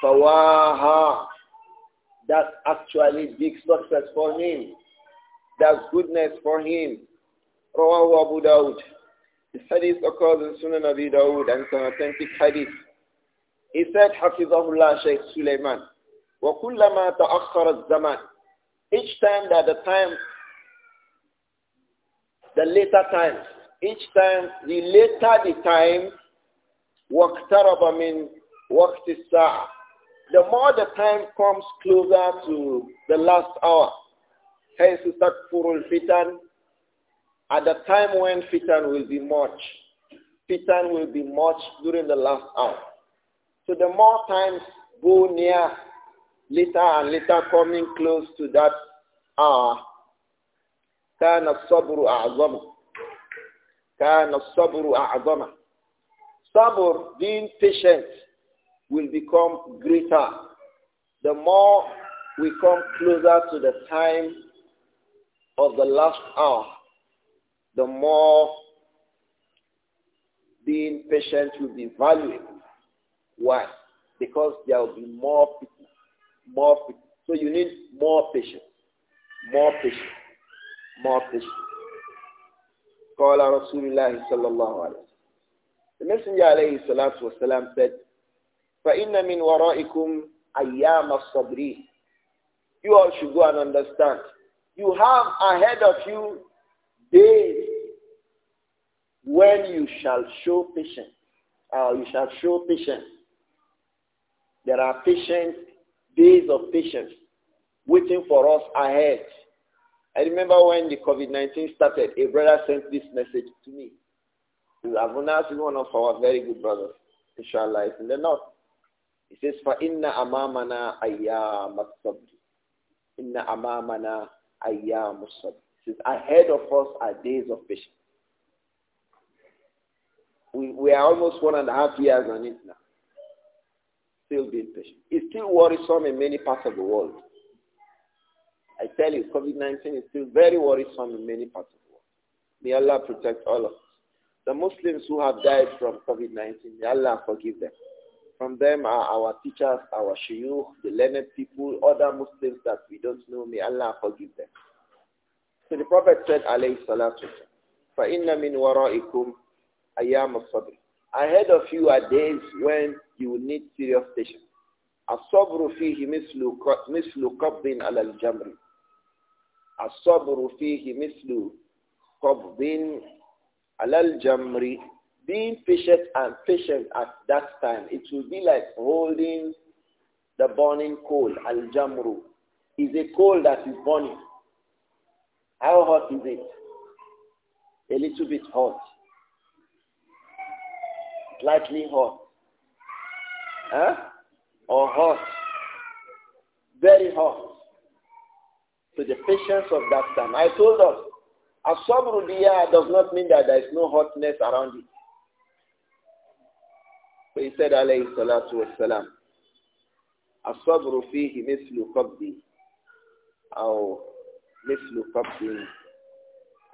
Fawaha. That actually big success for him. Does goodness for him. Rawahu Abu Dawud. This hadith occurs in Sunan Abi Dawud and it's an authentic hadith. He said, Hafizahullah Shaykh Sulaiman, وَكُلَّمَا تَأَخَّرَ الزَّمَانِ Each time that the time, the later times, each time, the later the time, وَاقْتَرَبَ مِنْ وَقْتِ السَّاعَةِ The more the time comes closer to the last hour, حيث تكفر fitan at the time when fitan will be much. Fitan will be much during the last hour. So the more times go near later and later coming close to that hour, كان الصبر أعظم كان الصبر أعظم Sabr, being patient, will become greater. The more we come closer to the time of the last hour, the more being patient will be valuable. Why? Because there will be more people, more people. So you need more patience, more patience, more patience. قال رسول الله صلى الله عليه وسلم The Messenger عليه الصلاة والسلام said فإن من ورائكم أيام الصبر You all should go and understand you have ahead of you days when you shall show patience. Uh, you shall show patience. There are patience, days of patience waiting for us ahead. I remember when the COVID-19 started, a brother sent this message to me. Avunas is one of our very good brothers, inshallah, in the north. He says, فَإِنَّ أَمَامَنَا أَيَّامَ الصَّبْرِ إِنَّ أَمَامَنَا ayyamu sabr. Says, ahead of us are days of patience. We, we are almost one and a half years on it now. Still being patient. It's still worrisome in many parts of the world. I tell you, COVID-19 is still very worrisome in many parts of the world. May Allah protect all of us. The Muslims who have died from COVID-19, may Allah forgive them. From them are our teachers, our shayukh, the learned people, other Muslims that we don't know. May Allah forgive them. So the Prophet said, alayhi salatu فَإِنَّ مِنْ وَرَائِكُمْ أَيَّامَ الصَّبْرِ Ahead of you are days when you will need serious patience. الصبر فيه مثل مثل قبض على الجمر الصبر فيه مثل قبض على الجمر being patient and patient at that time, it will be like holding the burning coal, al-jamru, is a coal that is burning. How hot is it? A little bit hot. Slightly hot. Huh? Or hot. Very hot. So the patience of that time. I told us, as sabrudiya does not mean that there is no hotness around it. So he said, alayhi salatu wassalam, الصبر فيه مثل قبضي أو مثل قبض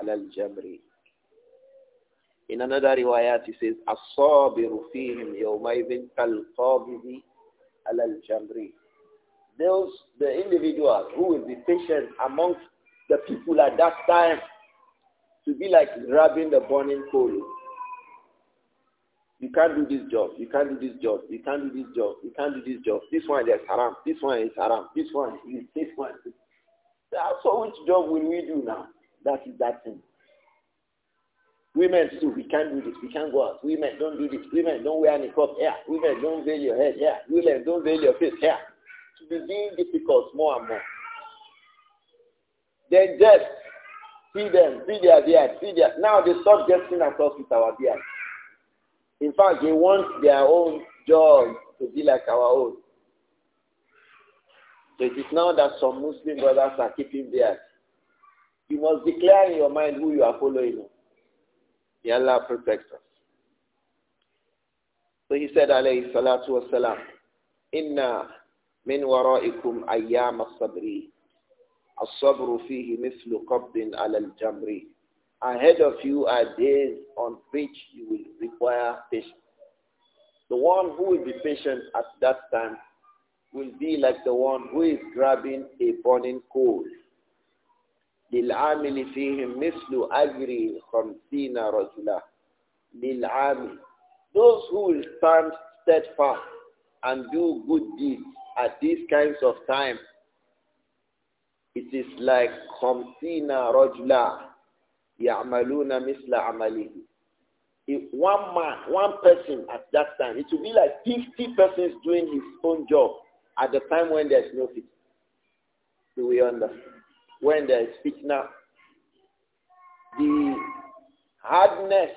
al-jamri." In another riwayat he says, الصابر فيهم يومئذ كالقابض al-jamri." Those, the individual who will be patient amongst the people at that time to be like grabbing the burning coal you can't do this job. You can't do this job. You can't do this job. You can't do this job. This one is haram. This one is haram. This one is this one. So which job will we do now? That is that thing. Women too, we can't do this. We can't go out. Women, don't do this. Women, don't wear any niqab. here. Women, don't veil your head. here. Women, don't veil your face. here. To be being difficult more and more. Then just see them, see their beard, see their. Now they stop getting across with our beard. In fact, they want their own job to be like our own. So it is now that some Muslim brothers are keeping theirs. You must declare in your mind who you are following. The Allah protects us. So he said, alayhi salatu wasalam, Inna min waraikum ayyam as-sabri. الصبر فيه مثل قبض al-jamri." Ahead of you are days on which you will require patience. The one who will be patient at that time will be like the one who is grabbing a burning coal. للعامل فيهم مثل أجر خمسين رجلا للعامل Those who will stand steadfast and do good deeds at these kinds of time, it is like خمسين رجلا يَعْمَلُونَ مِثْلَ عَمَلِهِ one man, one person at that time, it will be like 50 persons doing his own job at the time when there's no fit. Do we understand? When there is now, the hardness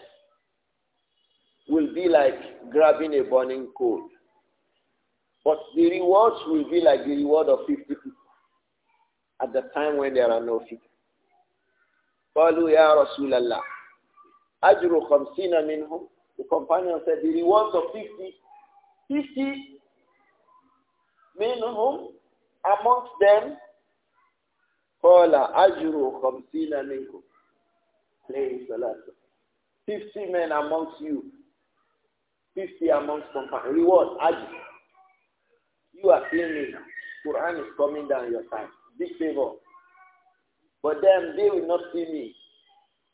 will be like grabbing a burning coal. But the rewards will be like the reward of 50 people at the time when there are no fit. قالوا يا رسول الله أجر خمسين منهم The companion said the rewards of 50 50 منهم amongst them قال أجر خمسين منكم عليه الصلاة 50 men amongst you 50 amongst companions reward أجر You are claiming Quran is coming down your time. Big favor. For them, they will not see me.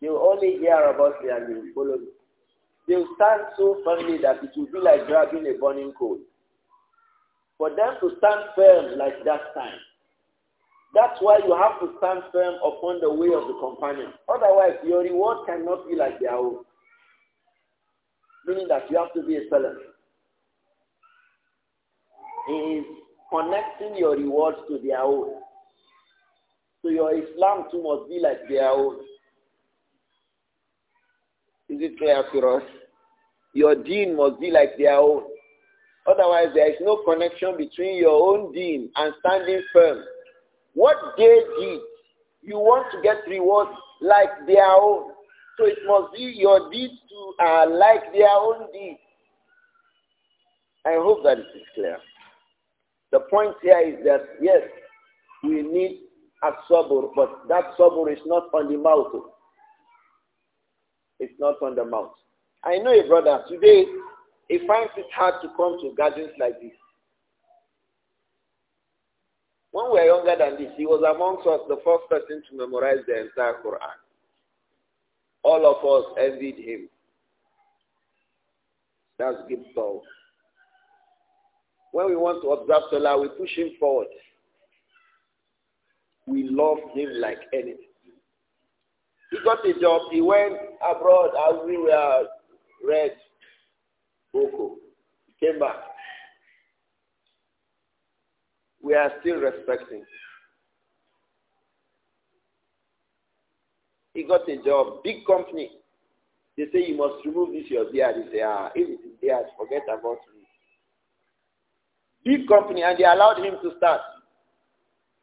They will only hear about me and they will follow me. They will stand so firmly that it will be like grabbing a burning coal. For them to stand firm like that time. That's why you have to stand firm upon the way of the companion. Otherwise, your reward cannot be like their own. Meaning that you have to be a seller. He is connecting your rewards to their own. So your Islam too must be like their own. Is it clear for us? Your deen must be like their own. Otherwise, there is no connection between your own deen and standing firm. What they did, you want to get rewards like their own. So it must be your deeds too are uh, like their own deeds. I hope that it is clear. The point here is that, yes, we need as-sabr, but that sabr is not on the mouth. It's not on the mouth. I know a brother today, he finds it hard to come to gatherings like this. When we were younger than this, he was amongst us the first person to memorize the entire Quran. All of us envied him. That's Gibson. When we want to observe Salah, we push him forward. We love him like anything. He got a job. He went abroad were read Boko. He came back. We are still respecting. He got a job, big company. They say you must remove this your beard. He say, ah, if it is beard, forget about me. Big company, and they allowed him to start.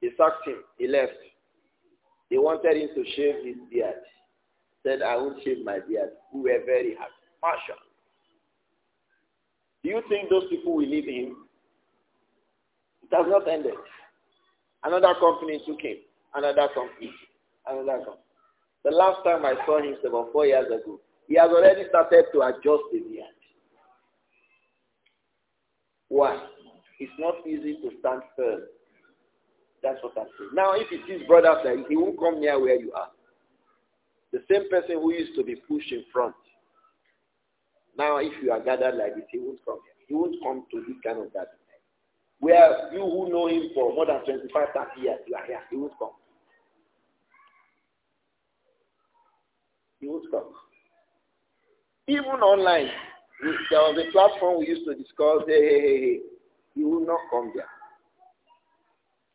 They sacked him. He left. They wanted him to shave his beard. Said, I won't shave my beard. We were very happy. Marshall, Do you think those people will leave him? It has not ended. Another company took him. Another company. Another company. The last time I saw him about four years ago. He has already started to adjust the beard. Why? It's not easy to stand firm that's what I'm saying. Now, if it is brothers like he won't come near where you are. The same person who used to be pushed in front. Now, if you are gathered like this, he won't come here. He won't come to this kind of gathering. Where you who know him for more than 25, 30 years, you are here. He won't come. He won't come. Even online, there was a platform we used to discuss, hey, hey, hey, hey. He will not come there.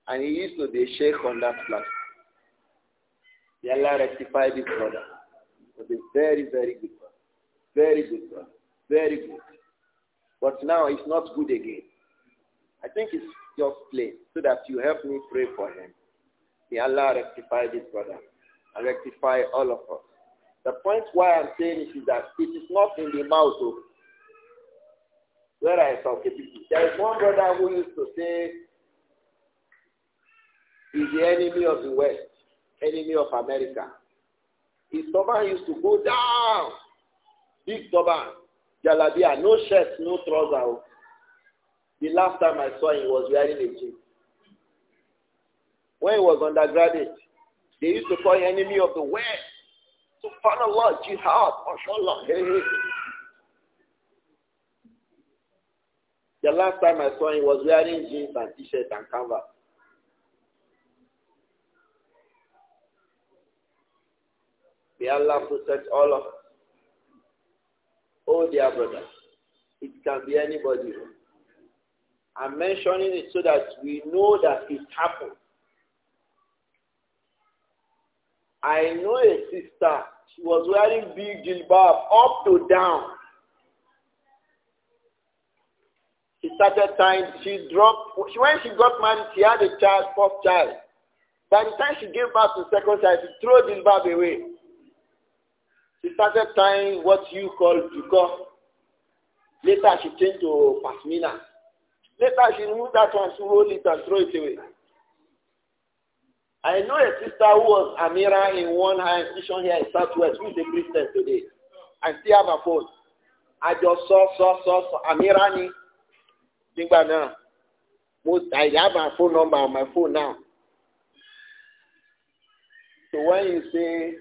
And he used to be a sheikh on that platform. May Allah rectify this brother. Was a very, very good brother. Very good brother. Very good. But now it's not good again. I think it's just play so that you help me pray for him. May Allah rectify this brother and rectify all of us. The point why I'm saying this is that it is not in the mouth of oh. where I talk. There is one brother who used to say is the enemy of the West, enemy of America. His turban used to go down. Big turban, jalabia, no shirt, no trousers. Oh. The last time I saw him, he was wearing a jean. When he was undergraduate, they used to call him enemy of the West. So, Subhanallah, jihad, mashallah, The last time I saw him, he was wearing jeans and t-shirt and canvas. May Allah protect all of us. Oh dear brother, it can be anybody. I'm mentioning it so that we know that it happened. I know a sister, she was wearing big jilbab up to down. She started time, she dropped, when she got married, she had a child, first child. By the time she gave birth to second child, she threw jilbab away. She started tying what you call dukkha. Later she change to pasmina. Later she removed that one, she rolled it and throw it away. I know a sister who was Amira in one high institution here in Southwest, who is a Christian today. I still have a phone. I just saw, saw, saw, saw Amira ni. Nígbà náà, most I have her phone number on my phone now. So when you say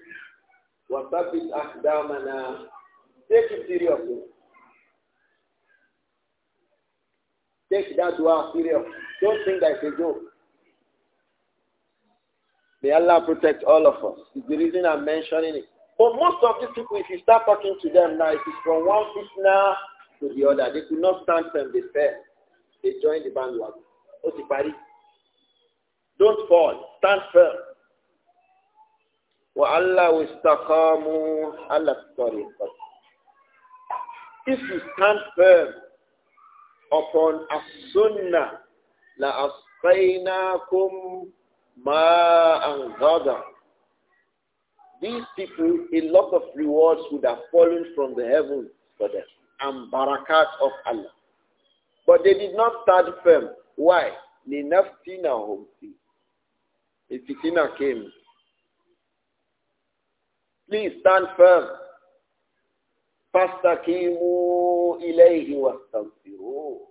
وثبت أقدامنا Take it seriously. Take that dua serious. Don't think that it's a joke. May Allah protect all of us. Is the reason I'm mentioning it. But most of these people, if you start talking to them now, it is from one fitna to the other. They could not stand firm. They fell. They joined the bandwagon. Don't fall. Stand firm. وَأَلَّا وَاسْتَقَامُوا عَلَى If you stand firm upon as-sunnah لَأَسْقَيْنَاكُمْ ما غَدًا These people, a lot of rewards would have fallen from the heavens for them and barakat of Allah. But they did not stand firm. Why? لِنَفْتِنَهُمْ فِي The fitina came Please stand firm. فَاسْتَقِيمُوا ilayhi وَاسْتَغْفِرُوهُ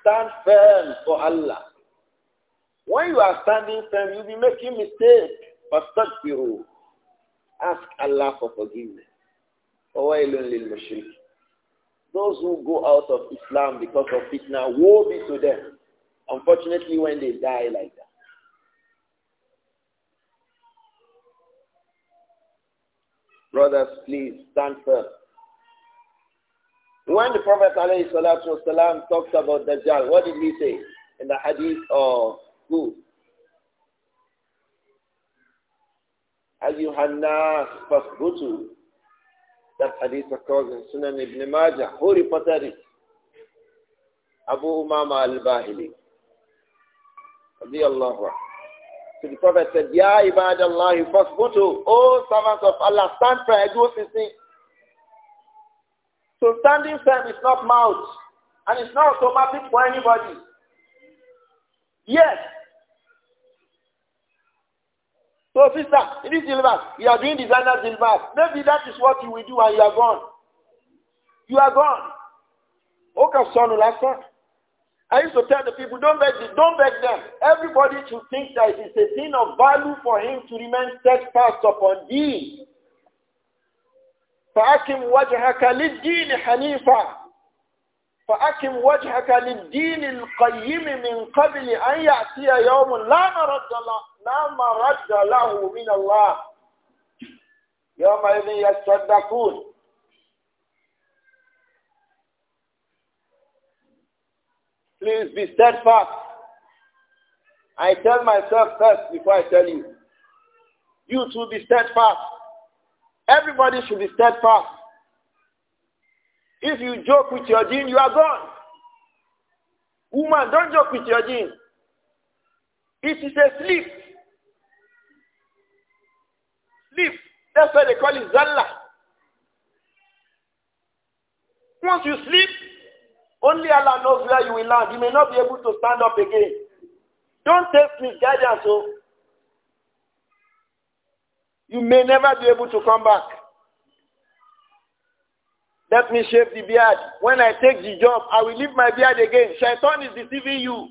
Stand firm for Allah. When you are standing firm, you'll be making mistakes. فَاسْتَغْفِرُوهُ Ask Allah for forgiveness. Those who go out of Islam because of fitna, woe be to them. Unfortunately, when they die like Brothers, please stand firm. When the Prophet والسلام, talks about Dajjal, what did he say in the hadith of who? Ayyuhannas fasbutu. That hadith occurs in Sunan Ibn Majah. Who reported it? Abu Umama al-Bahili. رضي so the Prophet said, Ya go to all servants of Allah, stand firm, do sitting. So standing firm is not mouth, and it's not automatic for anybody. Yes. So sister, it is Zilbas. You are doing designer Zilbas. Maybe that is what you will do when you are gone. You are gone. Okay, son, last one. I used to tell the people, don't beg, don't beg them. Everybody should think that it is a thing of value for him to remain steadfast upon thee. فأكم وجهك للدين حنيفا فأكم وجهك للدين القيم من قبل أن يأتي يوم لا مرد له لا مرد له من الله يومئذ يصدقون Please be steadfast. I tell myself first before I tell you. You too be steadfast. Everybody should be steadfast. If you joke with your deen, you are gone. Woman, don't joke with your deen. It is a sleep. Sleep. That's why they call it Zalla. Once you sleep, only Allah knows where you will land. You may not be able to stand up again. Don't take misguidance. So oh. you may never be able to come back. Let me shave the beard. When I take the job, I will leave my beard again. Shaitan is deceiving you.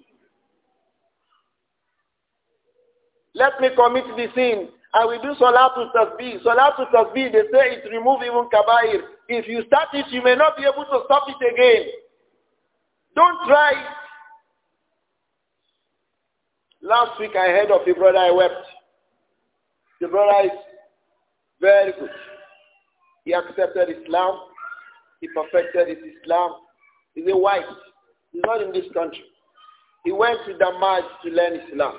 Let me commit the sin. I will do Salatul Tasbih. Salatul Tasbih, they say it removes even Kabair. If you start it, you may not be able to stop it again. Don't try Last week I heard of a brother I wept. The brother is very good. He accepted Islam. He perfected his Islam. He's a white. He's not in this country. He went to Damaj to learn Islam.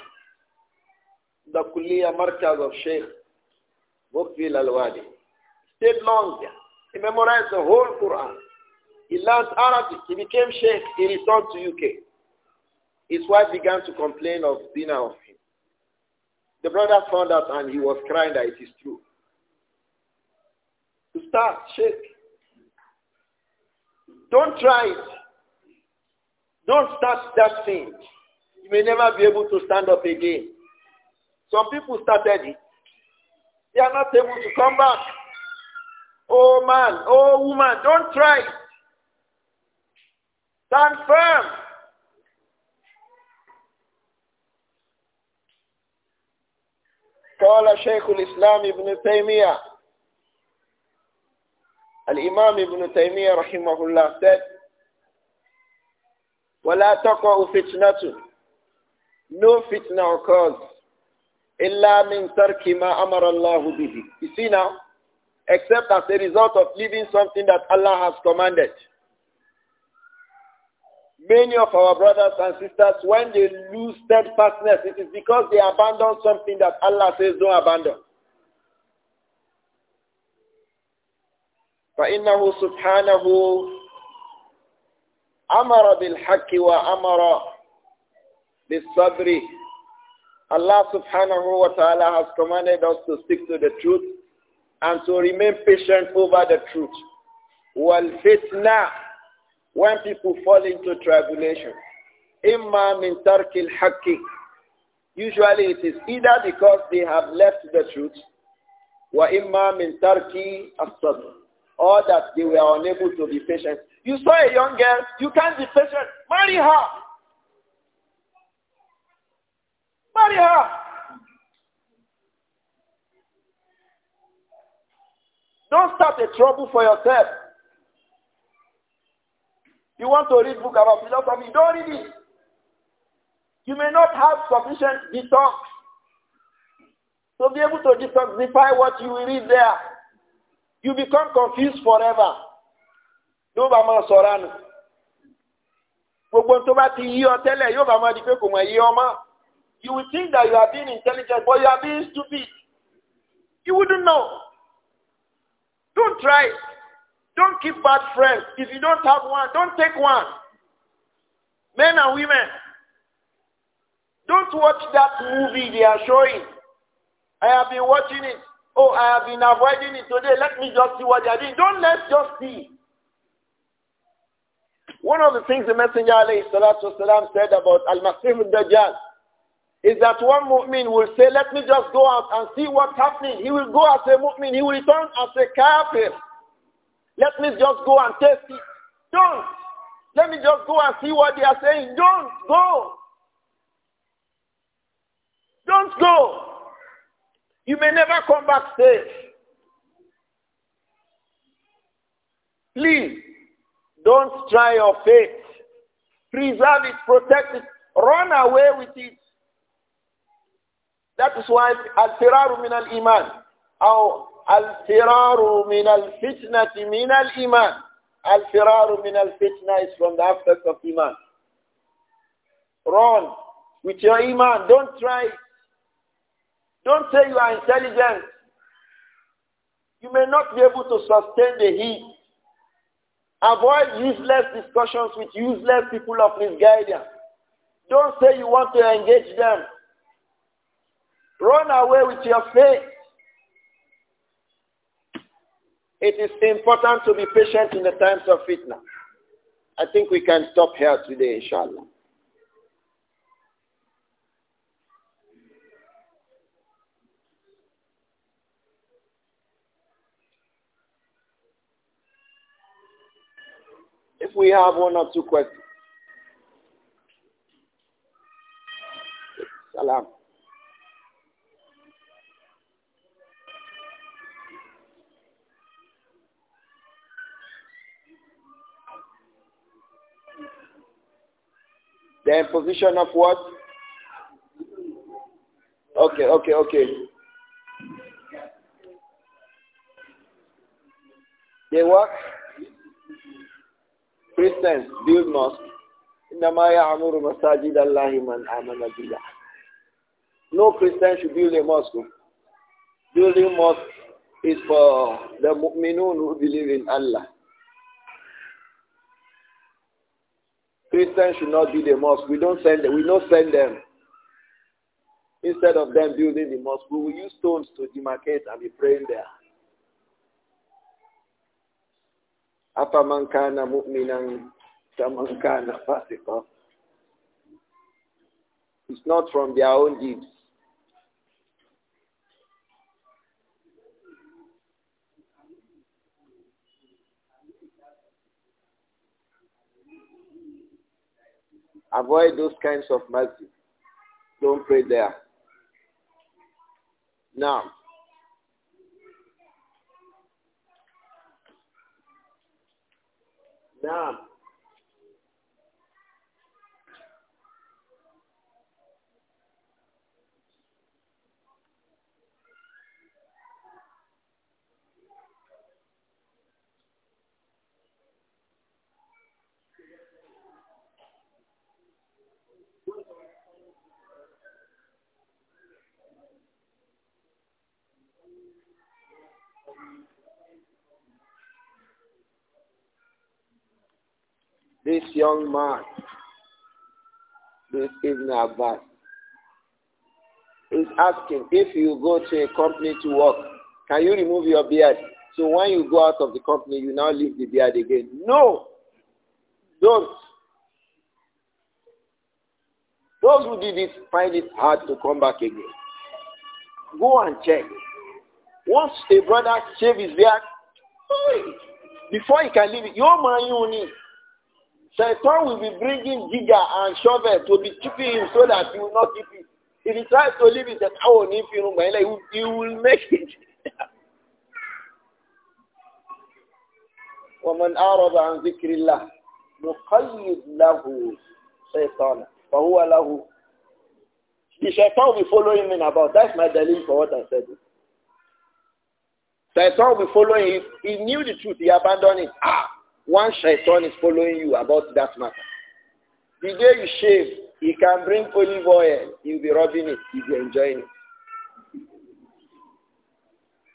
The Kuliya Markaz of Sheikh Mukfil Al-Wadi. Stayed long there. He memorized the whole Quran. He learned Arabic. He became sheikh. He returned to UK. His wife began to complain of dinner of him. The brother found out and he was crying that it is true. To start, sheikh. Don't try it. Don't start that thing. You may never be able to stand up again. Some people started it. They are not able to come back. Oh man, oh woman, don't try it. Stand firm. قال شيخ الإسلام ابن تيمية الإمام ابن تيمية رحمه الله said ولا تقع فتنة no fitna occurs إلا من ترك ما أمر الله به you see now except as a result of leaving something that Allah has commanded Many of our brothers and sisters, when they lose steadfastness, it is because they abandon something that Allah says don't abandon. فإنه سبحانه أمر بالحق وأمر بالصبر Allah subhanahu wa ta'ala has commanded us to stick to the truth and to remain patient over the truth. وَالْفِتْنَةِ when people fall into tribulation, imma min tarkil haqqi. Usually it is either because they have left the truth, wa imma min tarki as or that they were unable to be patient. You saw a young girl, you can't be patient, marry her. Marry her. Don't start a trouble for yourself. You want to read book about philosophy? Don't read it. You may not have sufficient detox to be able to detoxify what you will read there. You become confused forever. Yóò bá máa sọ̀rọ̀ àná. Gbogbo tó bá ti yí ọ tẹ́lẹ̀ yóò bá máa di pé kò mọ̀ yí ọ mọ́. You will think that you are being intelligent but you are being stupid. You wouldn't know. Don't try it. Don't keep bad friends. If you don't have one, don't take one. Men and women, don't watch that movie they are showing. I have been watching it. Oh, I have been avoiding it today. Let me just see what they are doing. Don't let just see. One of the things the Messenger Allah said about Al-Masih al-Dajjal is that one mu'min will say, let me just go out and see what's happening. He will go as a mu'min. He will return as a kafir. Let me just go and taste it. Don't. Let me just go and see what they are saying. Don't go. Don't go. You may never come back safe. Please, don't try your faith. Preserve it, protect it, run away with it. That is why al-firaru ruminal al-iman, our al من min al الإيمان. min al-iman. fitna is from the aspect of iman. Run with your iman. Don't try. Don't say you are intelligent. You may not be able to sustain the heat. Avoid useless discussions with useless people of misguidance. Don't say you want to engage them. Run away with your faith. It is important to be patient in the times of fitna. I think we can stop here today, inshallah. If we have one or two questions. Salam. The imposition of what? Okay, okay, okay. They work. Christians build mosques. No Christian should build a mosque. Building mosque is for the mu'minun who believe in Allah. Christians should not build a mosque. We don't send them. We don't send them. Instead of them building the mosque, we will use stones to demarcate and be praying there. أَفَمَنْ كَانَ مُؤْمِنًا كَمَنْ It's not from their own deeds. Avoid those kinds of masjid. Don't pray there. Now, now, This young man, this is Abbas, is asking if you go to a company to work, can you remove your beard? So when you go out of the company, you now leave the beard again. No, don't. Those who did it find it hard to come back again. Go and check. Once a brother shave his beard, before he can leave it, your man you need. Satan will be bringing giga and shovel to be keeping him so that he will not keep it. If he tries to leave it, then I If you him. He will, he will make it. <laughs> ومن أعرض عن ذكر الله نقيد له شيطانا فهو له The shaitan will follow him in about. That's my delay for what I said. Shaitan will be following him. He knew the truth. He abandoned it. Ah, one shaitan is following you about that matter. The day you shave, he can bring olive oil. You'll be rubbing it. You'll be enjoying it.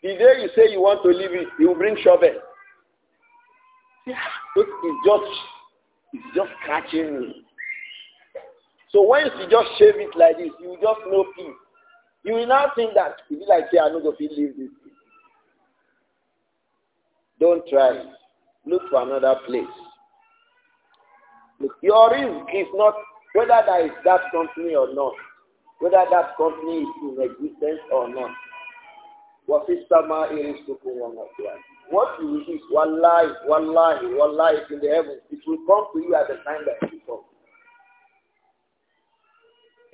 The day you say you want to leave it, he will bring shovel. Yeah, it's just, it's just catching me. So once you just shave it like this, you just know peace. You will now think that, if you like, say, I know going feel leave this. Don't try. Look for another place. your risk is not whether that is that company or not, whether that company is in existence or not. What is summer is What you wish is one life, one life, one life in the heavens. It will come to you at the time that it comes.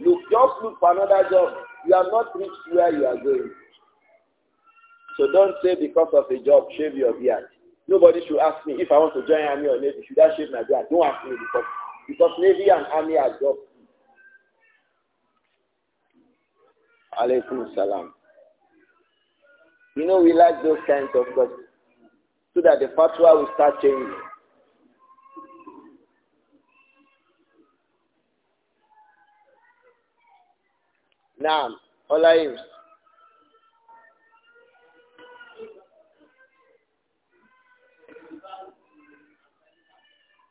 Look, just look for another job. You are not reached where you are going. So don't say because of a job, shave your beard. Nobody should ask me if I want to join army or navy, should I shave my beard? Don't ask me because, because navy and army are jobs. Alaykum salam. You know, we like those kinds of questions so that the fatwa will start changing. Now, Olayim.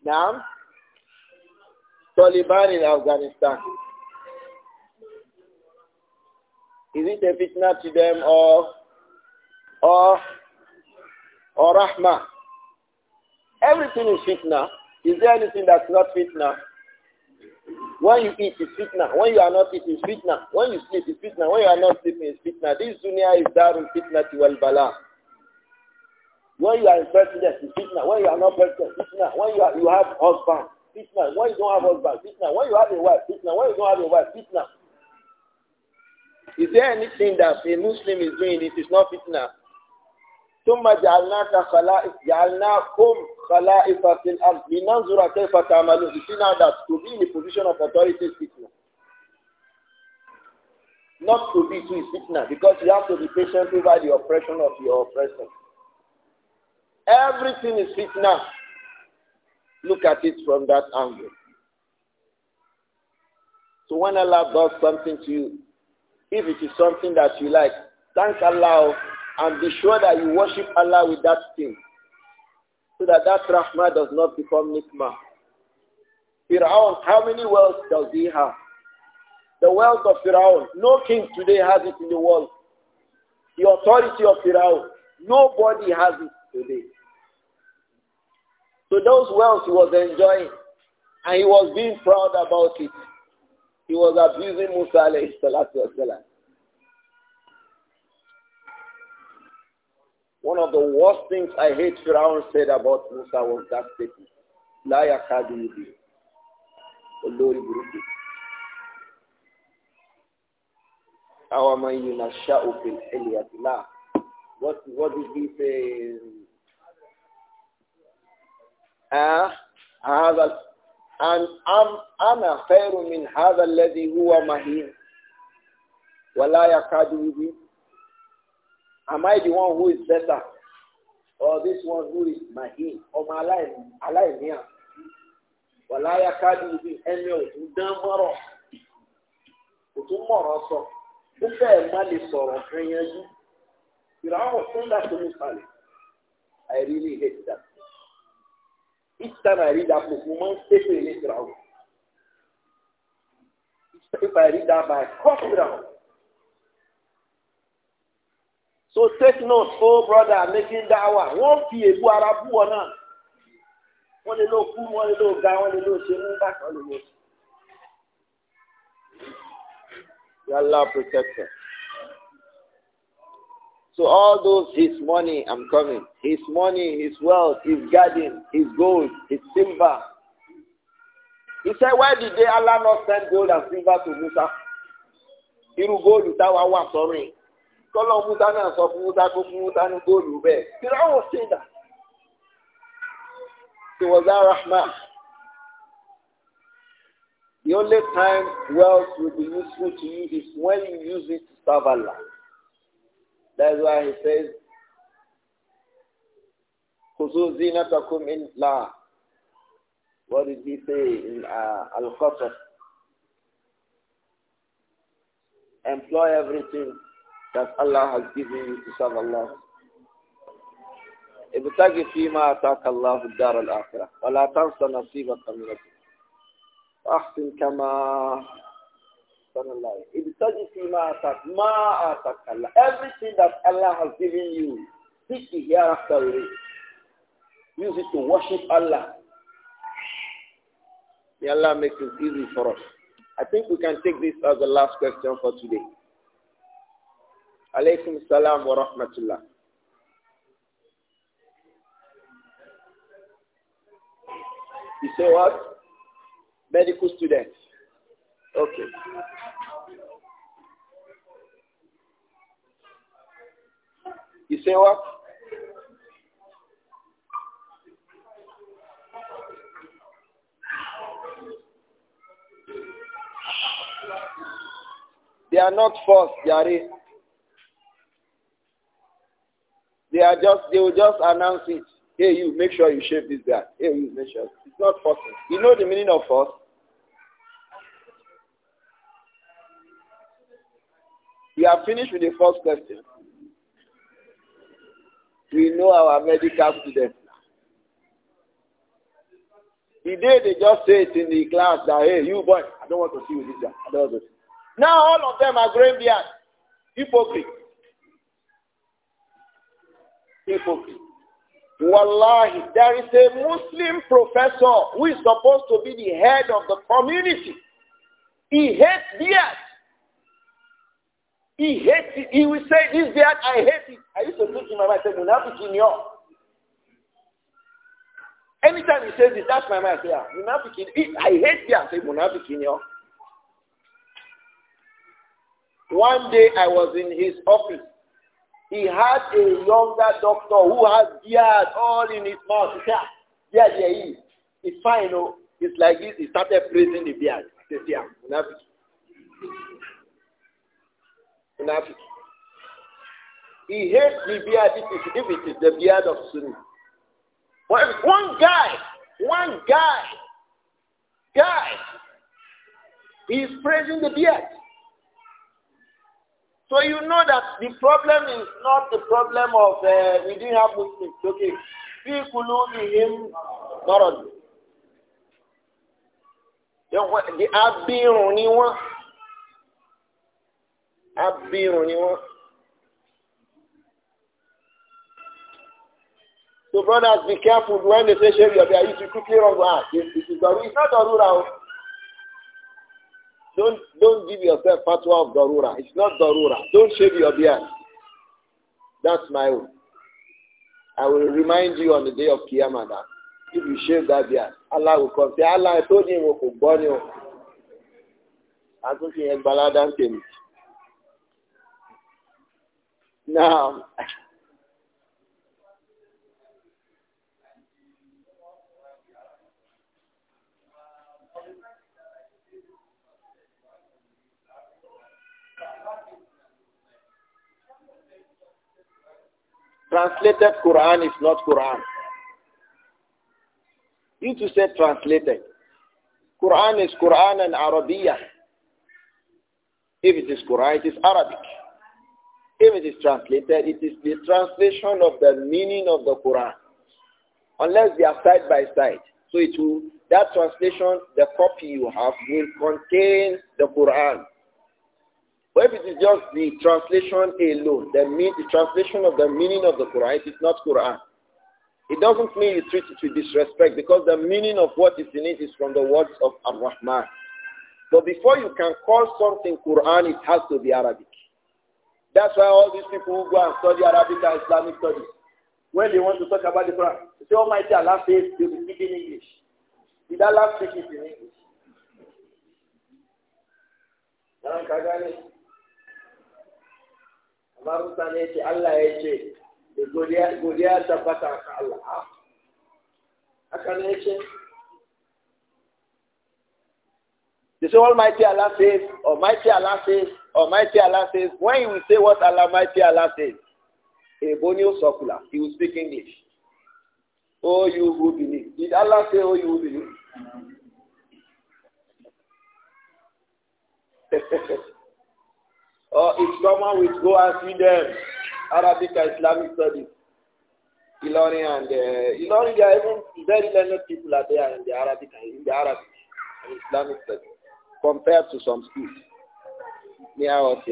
Now, Taliban in Afghanistan. Is it a fitna to them or or or rahma? Everything is fitna. Is there anything that's not fitna? When you eat, it's fitna. When you are not eating, it's fitna. When you sleep, it's fitna. When you are not sleeping, it's fitna. This dunya is darul fitna al bala. When you are in president, it's fitna. When you are not president, fitna. When you, are, you have husband, fitna. When you don't have husband, fitna. When you have a wife, fitna. When you don't have a wife, fitna. Is there anything that a Muslim is doing it is not fitna? ثم جعلناك خلائف جعلناكم خلائف في الأرض لننظر كيف تعملون. You see now that to be in the position of authority is fitna not to be too is fitna because you have to be patient over the oppression of your oppressor. Everything is fitna. Look at it from that angle. So when Allah does something to you, if it is something that you like, thank Allah and be sure that you worship Allah with that thing. So that that rahmah does not become nikmah. Fir'aun, how many wells does he have? The wealth of Fir'aun. No king today has it in the world. The authority of Fir'aun. Nobody has it today. So those wealth he was enjoying, and he was being proud about it. He was abusing Musa alayhi salatu wasalam. One of the worst things I hate Firaun said about Musa was that statement. La yakadu yubi. Olori buruku. Awa man yunasha'u fil iliyat. La. What, what did he say? هذا and أم أنا خير من هذا الذي هو مهين ولا يكاد يبين Am I the one who is better or this one who is mahin or my life alive here? ولا يكاد يبين ẹni ọdún dán I really hate that. Each time I read that book, we must take it in Israel. So take note, oh brother, making da'wah. one. fi èbú ara bú ọ náà. One lè lọ kú, wọ́n lè lọ ga, wọ́n lè lọ ṣe mú bàtà lòwò. Yálà protector. So all those, his money, I'm coming, his money, his wealth, his garden, his gold, his silver. He said, why did they Allah not send gold and silver to Musa? will go to wà Sorry, call on Musa náà sọ fún Musa kó fún Musa ní góòlù I will say that. It was our Rahman. The only time wealth will be useful to you is when you use it to serve Allah. That's why he says, خُذُوا زِينَتَكُمْ إِنْ لَا What did he say in uh, Al-Qasr? Employ everything that Allah has given you to serve Allah. ابتغ فيما آتاك الله الدار الآخرة ولا تنس نصيبك من الدنيا وأحسن كما Subhanallah. It touches Allah. Everything that Allah has given you, seek it hereafter with Use it to worship Allah. May Allah make it easy for us. I think we can take this as the last question for today. Alaykum salam wa rahmatullah. You say what? Medical student. Okay. You say what? They are not forced, are. They are just, they will just announce it. Hey, you, make sure you shave this guy. Hey, you, make sure. It's not forced. You know the meaning of force? We are finished with the first question. We know our medical students. The day they just say it in the class that, hey, you boy, I don't want to see you this I don't want to see. Now all of them are growing beard. Hypocrite. Hypocrite. Wallahi, there is a Muslim professor who is supposed to be the head of the community. He hates beard. He hates it. He will say, this beard, I hate it. I used to put in my mind, I said, Munafik in Anytime he says this, that's my mind. I say, ah, Munafik I hate beard. I say, Munafik in One day I was in his office. He had a younger doctor who had beard all in his mouth. He said, yeah, yeah, he is. It's fine, you oh. know. It's like this. He started praising the beard. He said, yeah, Munafik Africa. He hates the beard if, it is the beard of Sunnah. But if one guy, one guy, guy, he is praising the beard. So you know that the problem is not the problem of uh, we didn't have Muslims. Okay, him They The being only one. abirùn ni wọ́n. So brothers be careful when they say share your beer you should quickly run go ah it is darura it's not darura o. Oh. Don't don't give yourself fatwa of darura it's not darura don't shave your beard. That's my own. I will remind you on the day of Qiyamah that if you shave that beard, Allah will come. Say, Allah, I told him, Okun Bonio. Àtúnṣe yẹn gbalá dáńtẹ̀ mi. No, Translated Quran is not Quran. You to say translated. Quran is Quran and Arabic. If it is Quran, it is Arabic. If it is translated, it is the translation of the meaning of the Quran. Unless they are side by side. So it will, that translation, the copy you have, will contain the Quran. But if it is just the translation alone, the, mean, the translation of the meaning of the Quran, it is not Quran. It doesn't mean you treat it with disrespect because the meaning of what is in it is from the words of Ar-Rahman. But before you can call something Quran, it has to be Arabic. That's why all these people who go and study Arabic and Islamic studies, when they want to talk about the Quran, they say, Almighty Allah says they'll be speaking English. Did Allah speak it in English? Yaran ka gane? Amma mutane ce Allah ah. ya ce, They say, Almighty Allah says, Almighty Allah says, Almighty Allah says, when you say what Allah Almighty Allah says, Ebo ni ó he will speak English. Oh, you who believe. Did Allah say, 'Oh, you who believe? <laughs> or if someone would go and see them, Arabic and Islamic studies, Ilori and uh, eh, Ilori, they are even very learned people are there in the Arabic and in the Arabic and Islamic studies compared to some schools. me out,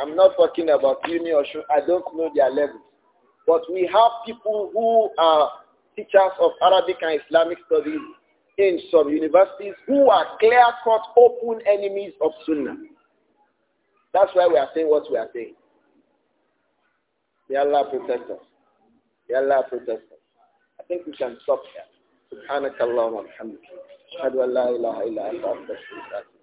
I'm not talking about uni or show. I don't know their level. But we have people who are teachers of Arabic and Islamic studies in some universities who are clear-cut, open enemies of Sunnah. That's why we are saying what we are saying. May Allah protect us. May Allah protect us. I think we can stop here. سبحانك اللهم وبحمدك